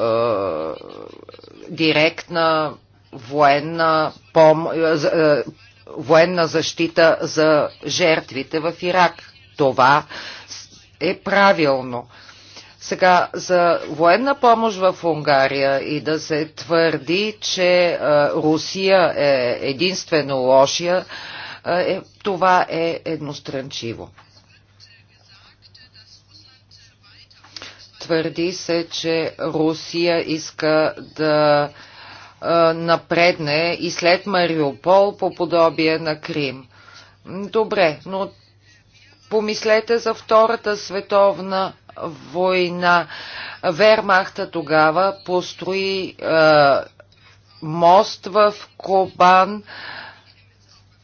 директна военна, пом, е, военна защита за жертвите в Ирак. Това е правилно. Сега, за военна помощ в Унгария и да се твърди, че Русия е единствено лошия, е, е, това е едностранчиво. Твърди се, че Русия иска да е, напредне и след Мариупол по подобие на Крим. Добре, но помислете за Втората световна война. Вермахта тогава построи е, мост в Кобан, е,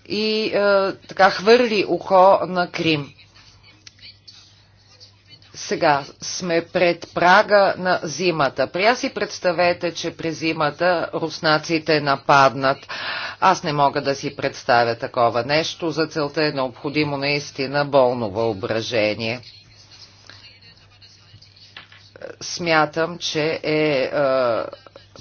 и е, така хвърли ухо на Крим. Сега сме пред прага на зимата. Прия си представете, че през зимата руснаците нападнат. Аз не мога да си представя такова нещо. За целта е необходимо наистина болно въображение. Смятам, че е, е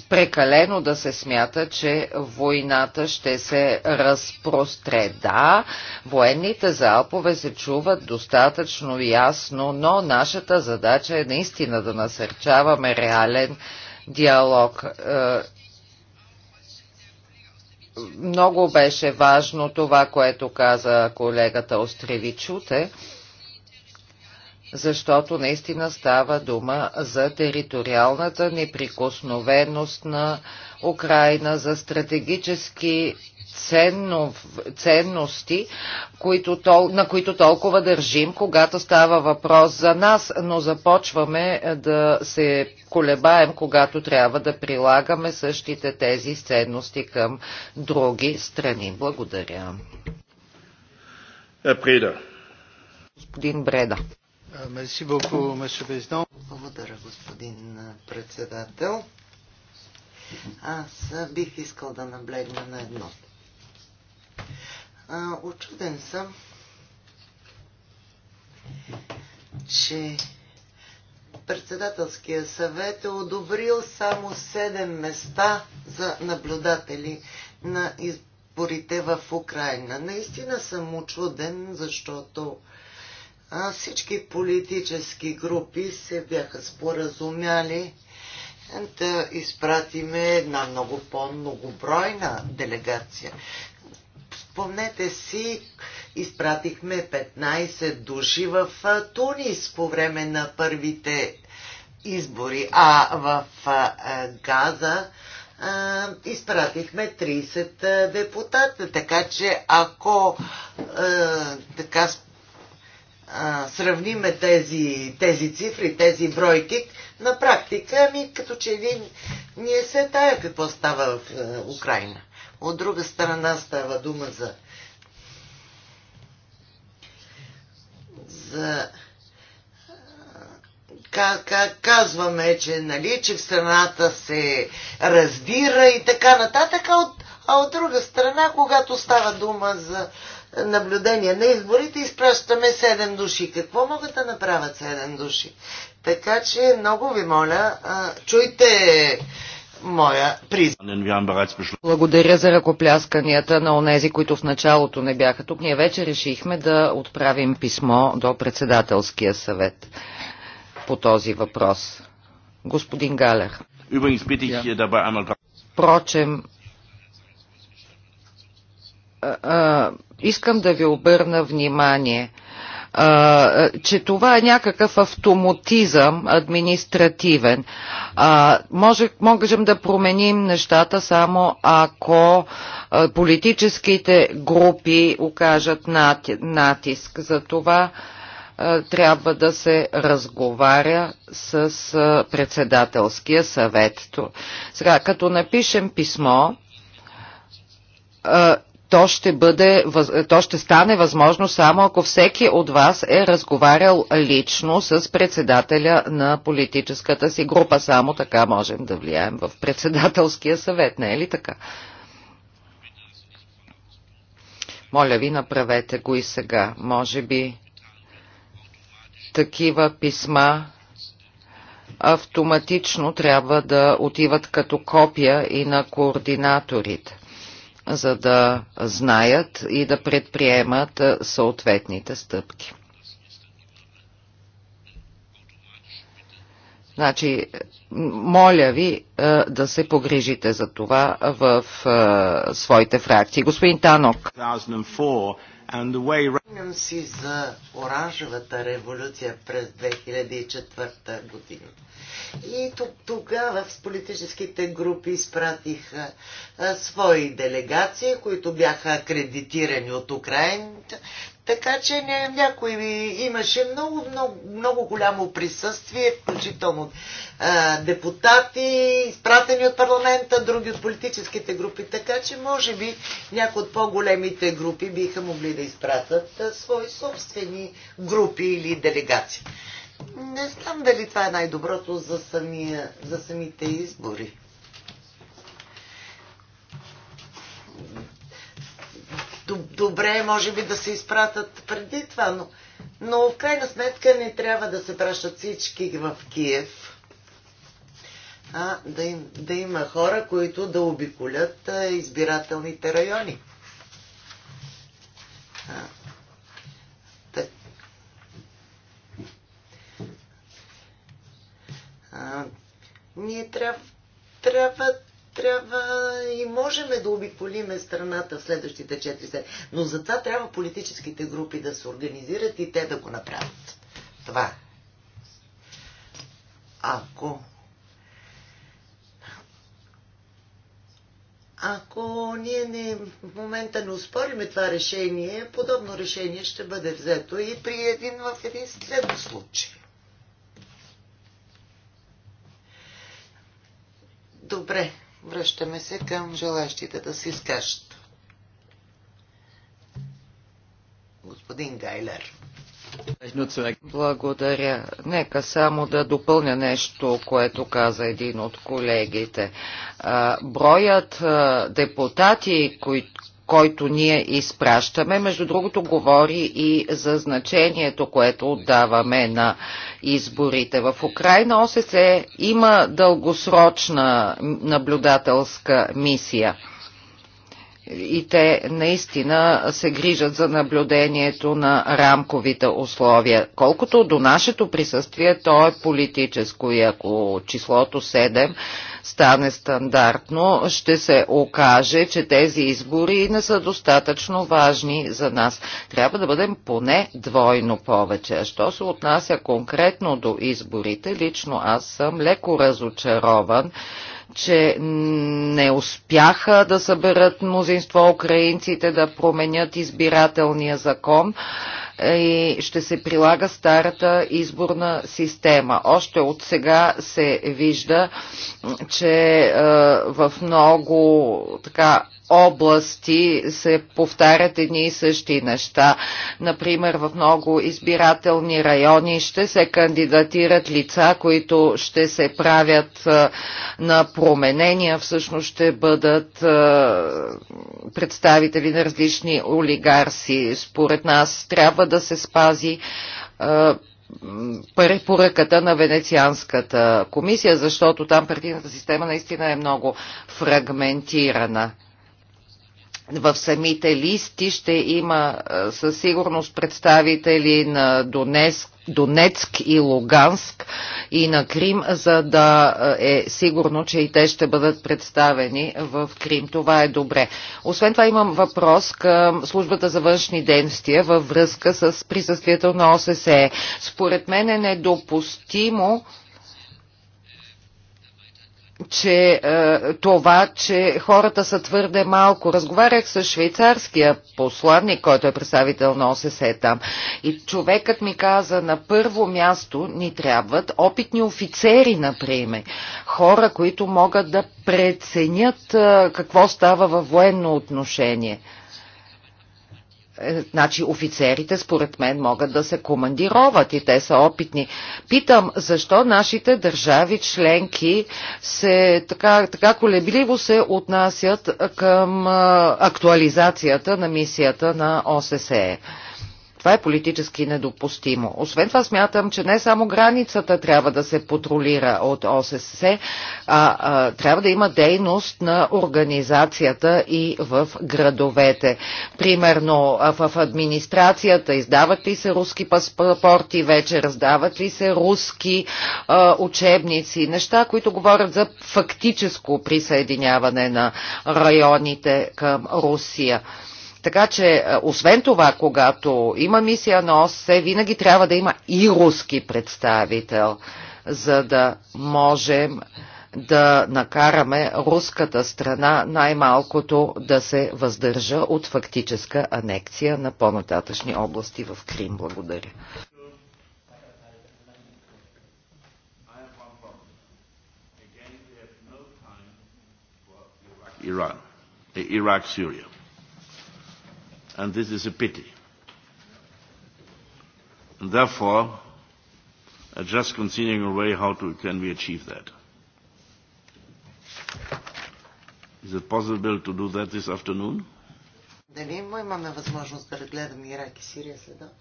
прекалено да се смята, че войната ще се разпростре. Да, военните залпове се чуват достатъчно ясно, но нашата задача е наистина да насърчаваме реален диалог е, много беше важно това, което каза колегата Остревичуте, защото наистина става дума за териториалната неприкосновеност на Украина, за стратегически ценности, които тол, на които толкова държим, когато става въпрос за нас, но започваме е, да се колебаем, когато трябва да прилагаме същите тези ценности към други страни. Благодаря. Е, Господин Бреда. Euh, Благодаря, господин председател. Аз бих искал да наблегна на едно. Очуден съм, че председателския съвет е одобрил само 7 места за наблюдатели на изборите в Украина. Наистина съм очуден, защото а, всички политически групи се бяха споразумяли е, да изпратиме една много по-многобройна делегация. Спомнете си, изпратихме 15 души в Тунис по време на първите избори, а в Газа изпратихме 30 депутата. Така че ако така а, сравниме тези, тези цифри, тези бройки, на практика, ами като че един ние се тая какво става в е, Украина. От друга страна става дума за за е, казваме, че, нали, че в страната се раздира и така нататък, а от, а от друга страна, когато става дума за наблюдение на изборите изпращаме 7 души. Какво могат да направят 7 души? Така че много ви моля, чуйте моя приз. Благодаря за ръкоплясканията на онези, които в началото не бяха тук. Ние вече решихме да отправим писмо до председателския съвет по този въпрос. Господин Галер. Впрочем, искам да ви обърна внимание, а, че това е някакъв автоматизъм административен. А, може, можем да променим нещата само ако а, политическите групи окажат нати, натиск. За това трябва да се разговаря с председателския съвет. Сега, като напишем писмо, то ще, бъде, то ще стане възможно само ако всеки от вас е разговарял лично с председателя на политическата си група. Само така можем да влияем в председателския съвет, не е ли така? Моля ви, направете го и сега. Може би такива писма автоматично трябва да отиват като копия и на координаторите за да знаят и да предприемат е, съответните стъпки. Значи, моля ви е, да се погрижите за това в е, своите фракции. Господин Танок and the way... си за оранжевата революция през 2004 година. И тук тогава с политическите групи изпратиха свои делегации, които бяха акредитирани от Украина, така че не, някой имаше много, много, много голямо присъствие, включително а, депутати, изпратени от парламента, други от политическите групи. Така че може би някои от по-големите групи биха могли да изпратят а, свои собствени групи или делегации. Не знам дали това е най-доброто за, самия, за самите избори. добре може би да се изпратят преди това, но, но в крайна сметка не трябва да се пращат всички в Киев, а да, им, да има хора, които да обиколят а, избирателните райони. А, так. А, ние трябва, трябва трябва и можем да обиколиме страната в следващите 4 седмици. Но за това трябва политическите групи да се организират и те да го направят. Това. Ако Ако ние не, в момента не успориме това решение, подобно решение ще бъде взето и при един в един следващ случай. Добре. Връщаме се към желащите да се изкажат. Господин Гайлер. Благодаря. Нека само да допълня нещо, което каза един от колегите. Броят депутати, които който ние изпращаме. Между другото, говори и за значението, което отдаваме на изборите. В Украина ОССЕ има дългосрочна наблюдателска мисия и те наистина се грижат за наблюдението на рамковите условия. Колкото до нашето присъствие, то е политическо и ако числото 7 стане стандартно, ще се окаже, че тези избори не са достатъчно важни за нас. Трябва да бъдем поне двойно повече. Що се отнася конкретно до изборите, лично аз съм леко разочарован, че не успяха да съберат мнозинство украинците да променят избирателния закон и ще се прилага старата изборна система. Още от сега се вижда, че е, в много така области се повтарят едни и същи неща. Например, в много избирателни райони ще се кандидатират лица, които ще се правят на променения, всъщност ще бъдат представители на различни олигарси. Според нас трябва да се спази препоръката на Венецианската комисия, защото там партийната система наистина е много фрагментирана в самите листи ще има със сигурност представители на Донецк, Донецк и Луганск и на Крим, за да е сигурно, че и те ще бъдат представени в Крим. Това е добре. Освен това имам въпрос към службата за външни действия във връзка с присъствието на ОССЕ. Според мен е недопустимо че е, това, че хората са твърде малко. Разговарях с швейцарския посланник, който е представител на ОССЕ там. И човекът ми каза, на първо място ни трябват опитни офицери, например. Хора, които могат да преценят е, какво става във военно отношение. Е, значи офицерите, според мен, могат да се командироват и те са опитни. Питам, защо нашите държави членки се така, така колебливо се отнасят към актуализацията на мисията на ОССЕ. Това е политически недопустимо. Освен това смятам, че не само границата трябва да се патрулира от ОСС, а, а трябва да има дейност на организацията и в градовете. Примерно в администрацията издават ли се руски паспорти вече, раздават ли се руски а, учебници, неща, които говорят за фактическо присъединяване на районите към Русия. Така че, е, освен това, когато има мисия на ОССЕ, винаги трябва да има и руски представител, за да можем да накараме руската страна най-малкото да се въздържа от фактическа анекция на по-нататъчни области в Крим. Благодаря. Иран. Е, Ирак, Сирия and this is a pity. And therefore, I just considering a way how to, can we achieve that. Is it possible to do that this afternoon? Дали имаме възможност да разгледаме Ирак и Сирия след обед?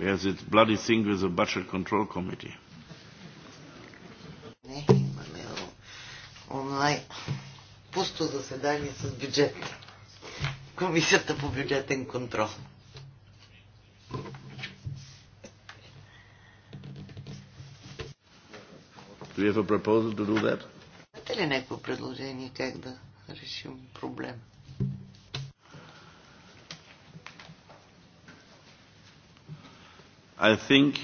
There's this bloody thing with the Budget Control Committee. Не, имаме онлайн пусто заседание с бюджет. Комисията по бюджетен контрол. Do you have a proposal to do that? Имате ли някакво предложение как да решим проблем? I think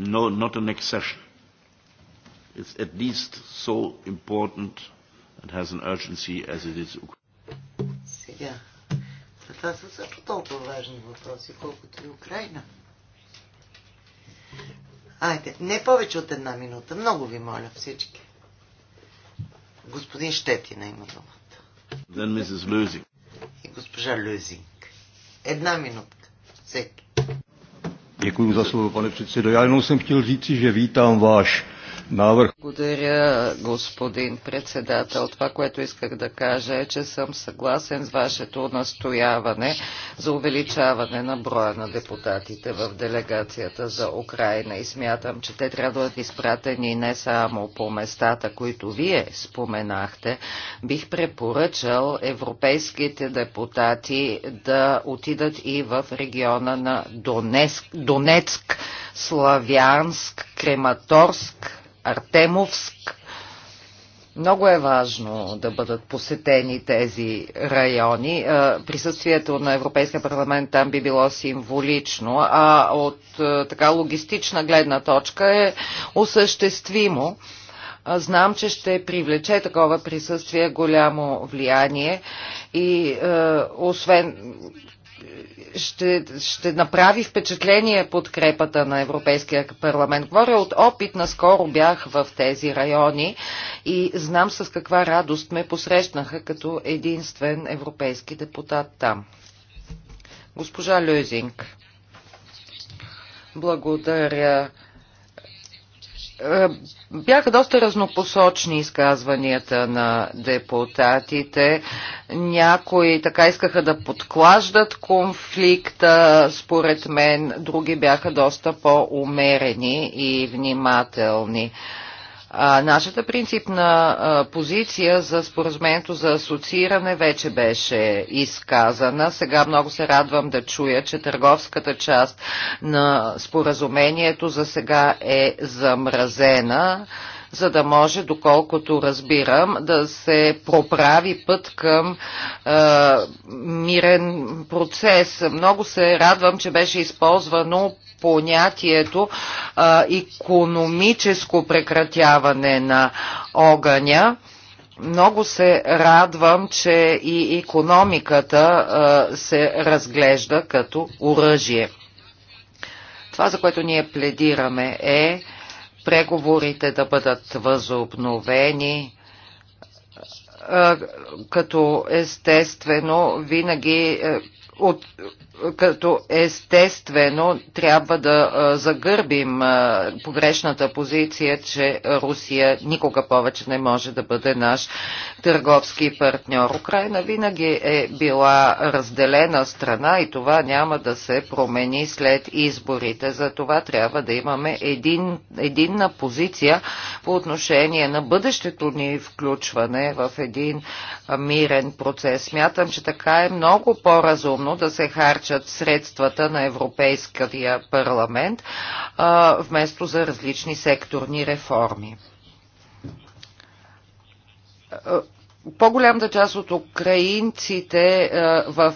no, not the next session is at least so important and has an urgency as it is Сега. Това са също толкова важни въпроси, колкото и Украина. Айде, не повече от една минута. Много ви моля всички. Господин Щетина има думата. Then Mrs. И госпожа Люзинг. Една минутка. Всеки. Děkuji za slovo, pane předsedo. Já jenom jsem chtěl říci, že vítám váš návrh. Благодаря, господин председател. Това, което исках да кажа е, че съм съгласен с вашето настояване за увеличаване на броя на депутатите в делегацията за Украина и смятам, че те трябва да бъдат изпратени не само по местата, които вие споменахте. Бих препоръчал европейските депутати да отидат и в региона на Донецк, Донецк Славянск, Крематорск, Артемовск. Много е важно да бъдат посетени тези райони. Е, присъствието на Европейския парламент там би било символично, а от е, така логистична гледна точка е осъществимо. Е, знам, че ще привлече такова присъствие голямо влияние и освен ще, ще направи впечатление подкрепата на Европейския парламент. Говоря от опит, наскоро бях в тези райони и знам с каква радост ме посрещнаха като единствен европейски депутат там. Госпожа Люзинг. Благодаря. Е, бяха доста разнопосочни изказванията на депутатите. Някои така искаха да подклаждат конфликта, според мен, други бяха доста по-умерени и внимателни. А, нашата принципна а, позиция за споразумението за асоцииране вече беше изказана. Сега много се радвам да чуя, че търговската част на споразумението за сега е замразена за да може, доколкото разбирам, да се проправи път към е, мирен процес. Много се радвам, че беше използвано понятието а, економическо прекратяване на огъня. Много се радвам, че и економиката а, се разглежда като оръжие. Това, за което ние пледираме е преговорите да бъдат възобновени, като естествено винаги е, от, като естествено трябва да загърбим погрешната позиция, че Русия никога повече не може да бъде наш търговски партньор. Украина винаги е била разделена страна и това няма да се промени след изборите. За това трябва да имаме един, единна позиция по отношение на бъдещето ни включване в един мирен процес. Смятам, че така е много по-разумно да се харчи харчат средствата на Европейския парламент, вместо за различни секторни реформи по-голямата част от украинците в,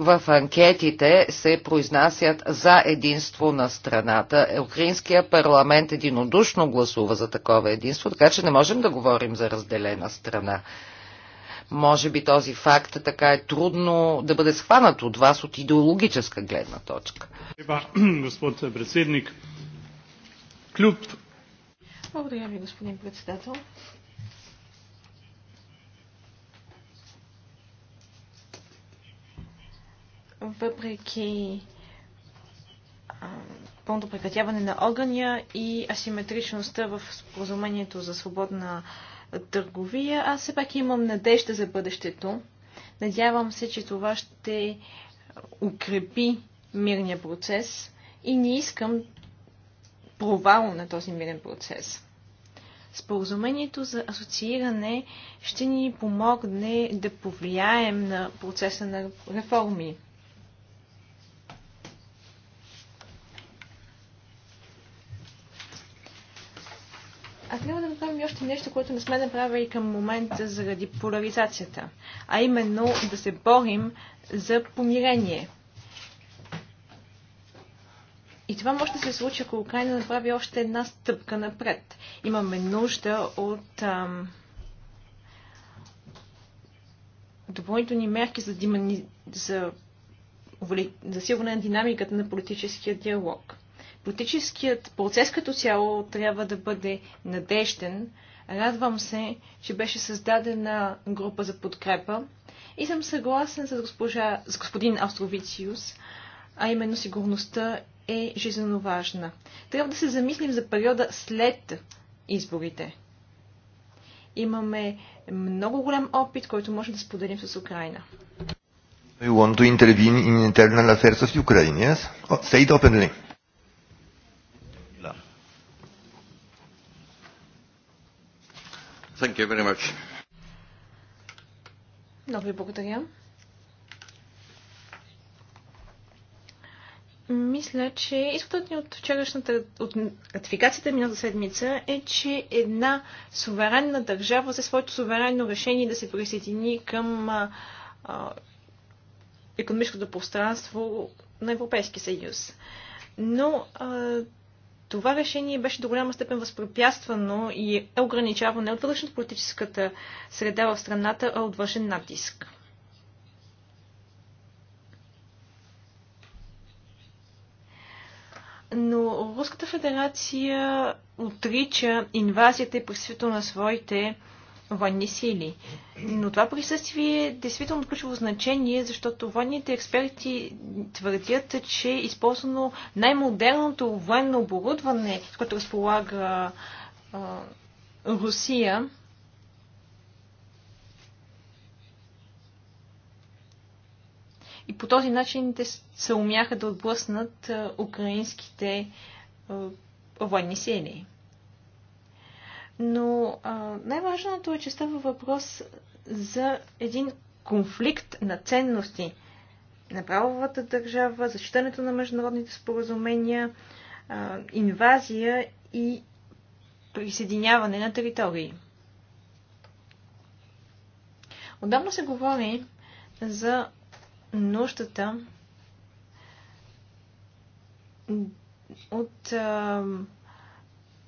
в анкетите се произнасят за единство на страната. Украинския парламент единодушно гласува за такова единство, така че не можем да говорим за разделена страна. Може би този факт така е трудно да бъде схванат от вас от идеологическа гледна точка. *clears throat* председник, клюб. Благодаря ви, господин председател. Въпреки пълното прекратяване на огъня и асиметричността в споразумението за свободна търговия. Аз все пак имам надежда за бъдещето. Надявам се, че това ще укрепи мирния процес и не искам провал на този мирен процес. Споразумението за асоцииране ще ни помогне да повлияем на процеса на реформи нещо, което не сме направили към момента заради поляризацията, а именно да се борим за помирение. И това може да се случи, ако Украина направи още една стъпка напред. Имаме нужда от ам, допълнителни мерки за, димани... за засилване на динамиката на политическия диалог. Политическият процес като цяло трябва да бъде надежден, Радвам се, че беше създадена група за подкрепа и съм съгласен с, госпожа, с господин Австровициус, а именно сигурността е жизненно важна. Трябва да се замислим за периода след изборите. Имаме много голям опит, който можем да споделим с Украина. want to intervene in internal affairs of Ukraine, yes? Oh, say it openly. Thank you very much. Много ви благодаря. Мисля, че изходът ни от вчерашната от ратификацията миналата седмица е, че една суверенна държава за своето суверенно решение да се присъедини към економическото пространство на Европейския съюз. Но а, това решение беше до голяма степен възпрепятствано и е ограничавано не от вътрешната политическата среда в страната, а от външен натиск. но Руската федерация отрича инвазията и присъствието на своите военни сили. Но това присъствие е действително ключово значение, защото военните експерти твърдят, че е използвано най-модерното военно оборудване, с което разполага Русия, И по този начин те се умяха да отблъснат украинските военни сили. Но най-важното е, че става въпрос за един конфликт на ценности на правовата държава, защитането на международните споразумения, а, инвазия и присъединяване на територии. Отдавна се говори за нуждата от а,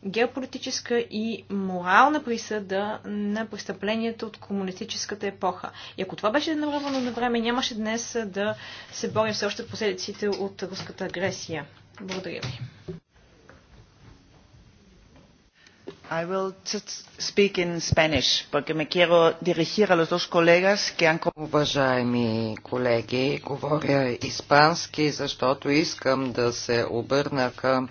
геополитическа и морална присъда на престъплението от комунистическата епоха. И ако това беше направено на време, нямаше днес да се борим все още последиците от руската агресия. Благодаря ви. I will speak in Spanish, porque me quiero dirigir a los dos colegas que han... Уважаеми колеги, говоря испански, защото искам да се обърна към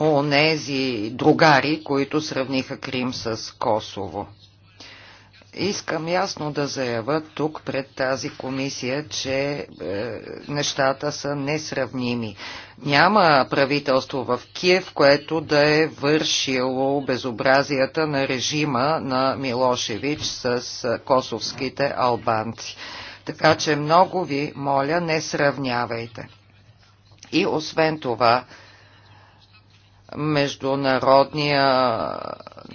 онези другари, които сравниха Крим с Косово. Искам ясно да заявя тук пред тази комисия, че е, нещата са несравними. Няма правителство в Киев, което да е вършило безобразията на режима на Милошевич с е, косовските албанци. Така че много ви моля, не сравнявайте. И освен това, Международния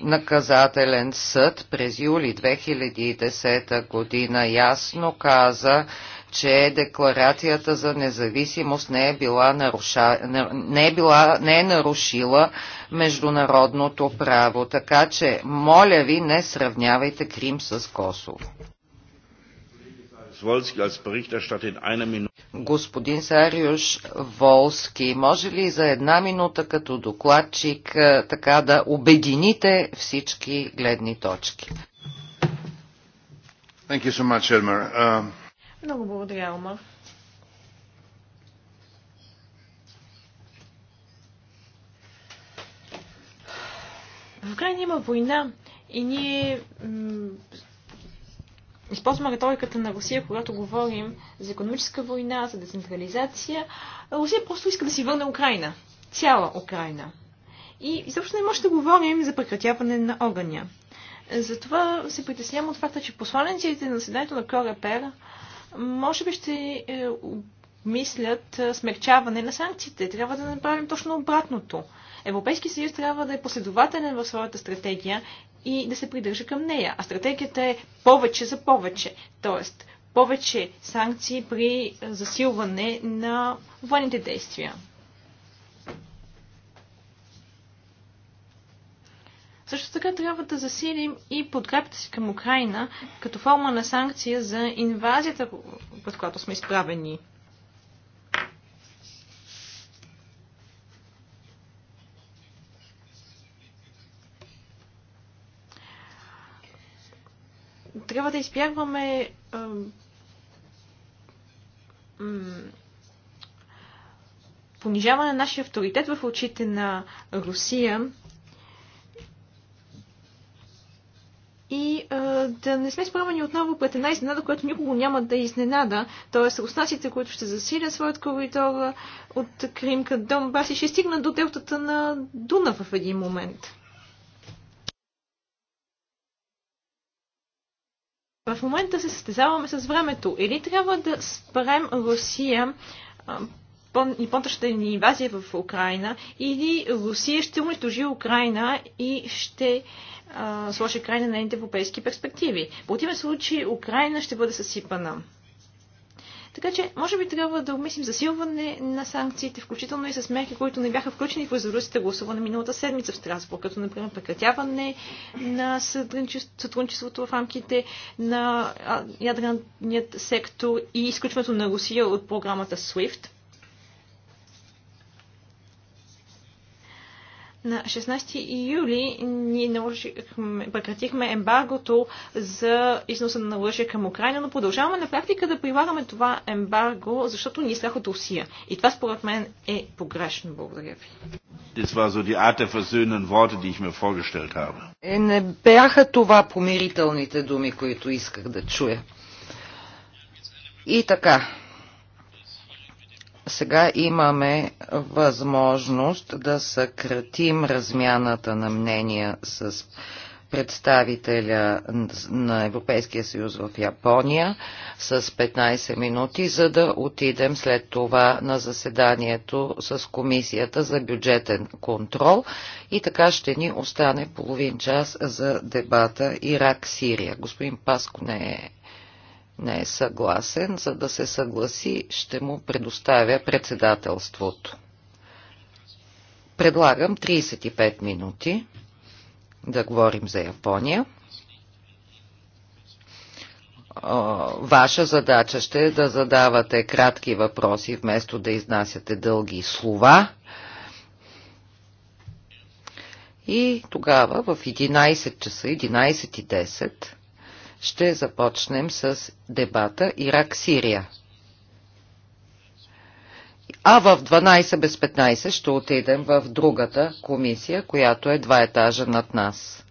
наказателен съд през юли 2010 година ясно каза, че декларацията за независимост не е била, наруша, не е била не е нарушила международното право. Така че, моля ви, не сравнявайте Крим с Косово. Господин Сариуш Волски, може ли за една минута като докладчик е, така да обедините всички гледни точки? Thank you so much, Elmer. Uh... Много благодаря, Елмар. В Украина има война и ние използваме риториката на Русия, когато говорим за економическа война, за децентрализация. Русия просто иска да си върне Украина. Цяла Украина. И изобщо не може да говорим за прекратяване на огъня. Затова се притеснявам от факта, че посланиците на седанието на Корепер може би ще е, мислят е, смягчаване на санкциите. Трябва да направим точно обратното. Европейски съюз трябва да е последователен в своята стратегия и да се придържа към нея. А стратегията е повече за повече. Тоест, повече санкции при засилване на военните действия. Също така трябва да засилим и подкрепата си към Украина като форма на санкция за инвазията, под която сме изправени трябва да избягваме понижаване на нашия авторитет в очите на Русия и а, да не сме справени отново пред една изненада, която никого няма да изненада. Тоест, руснаците, които ще засилят своят коридор от Кримка, към Донбас и ще стигнат до делтата на Дуна в един момент. В момента се състезаваме с времето. Или трябва да спрем Русия японската ни инвазия в Украина, или Русия ще унищожи Украина и ще а, сложи край на нейните европейски перспективи. В противен случай Украина ще бъде съсипана. Така че, може би трябва да обмислим засилване на санкциите, включително и с мерки, които не бяха включени в резолюцията гласуване миналата седмица в Страсбург, като например прекратяване на сътрудничеството в рамките на ядреният сектор и изключването на Русия от програмата SWIFT. На 16 юли ние наложихме, прекратихме ембаргото за износа на оръжие към Украина, но продължаваме на практика да прилагаме това ембарго, защото ни е страх от Русия. И това според мен е погрешно. Благодаря ви. Е, не бяха това помирителните думи, които исках да чуя. И така, сега имаме възможност да съкратим размяната на мнения с представителя на Европейския съюз в Япония с 15 минути, за да отидем след това на заседанието с Комисията за бюджетен контрол и така ще ни остане половин час за дебата Ирак-Сирия. Господин Паско не е не е съгласен, за да се съгласи, ще му предоставя председателството. Предлагам 35 минути да говорим за Япония. Ваша задача ще е да задавате кратки въпроси, вместо да изнасяте дълги слова. И тогава в 11 часа, 11.10, ще започнем с дебата Ирак-Сирия. А в 12 без 15 ще отидем в другата комисия, която е два етажа над нас.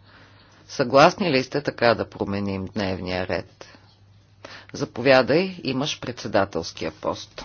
Съгласни ли сте така да променим дневния ред? Заповядай, имаш председателския пост.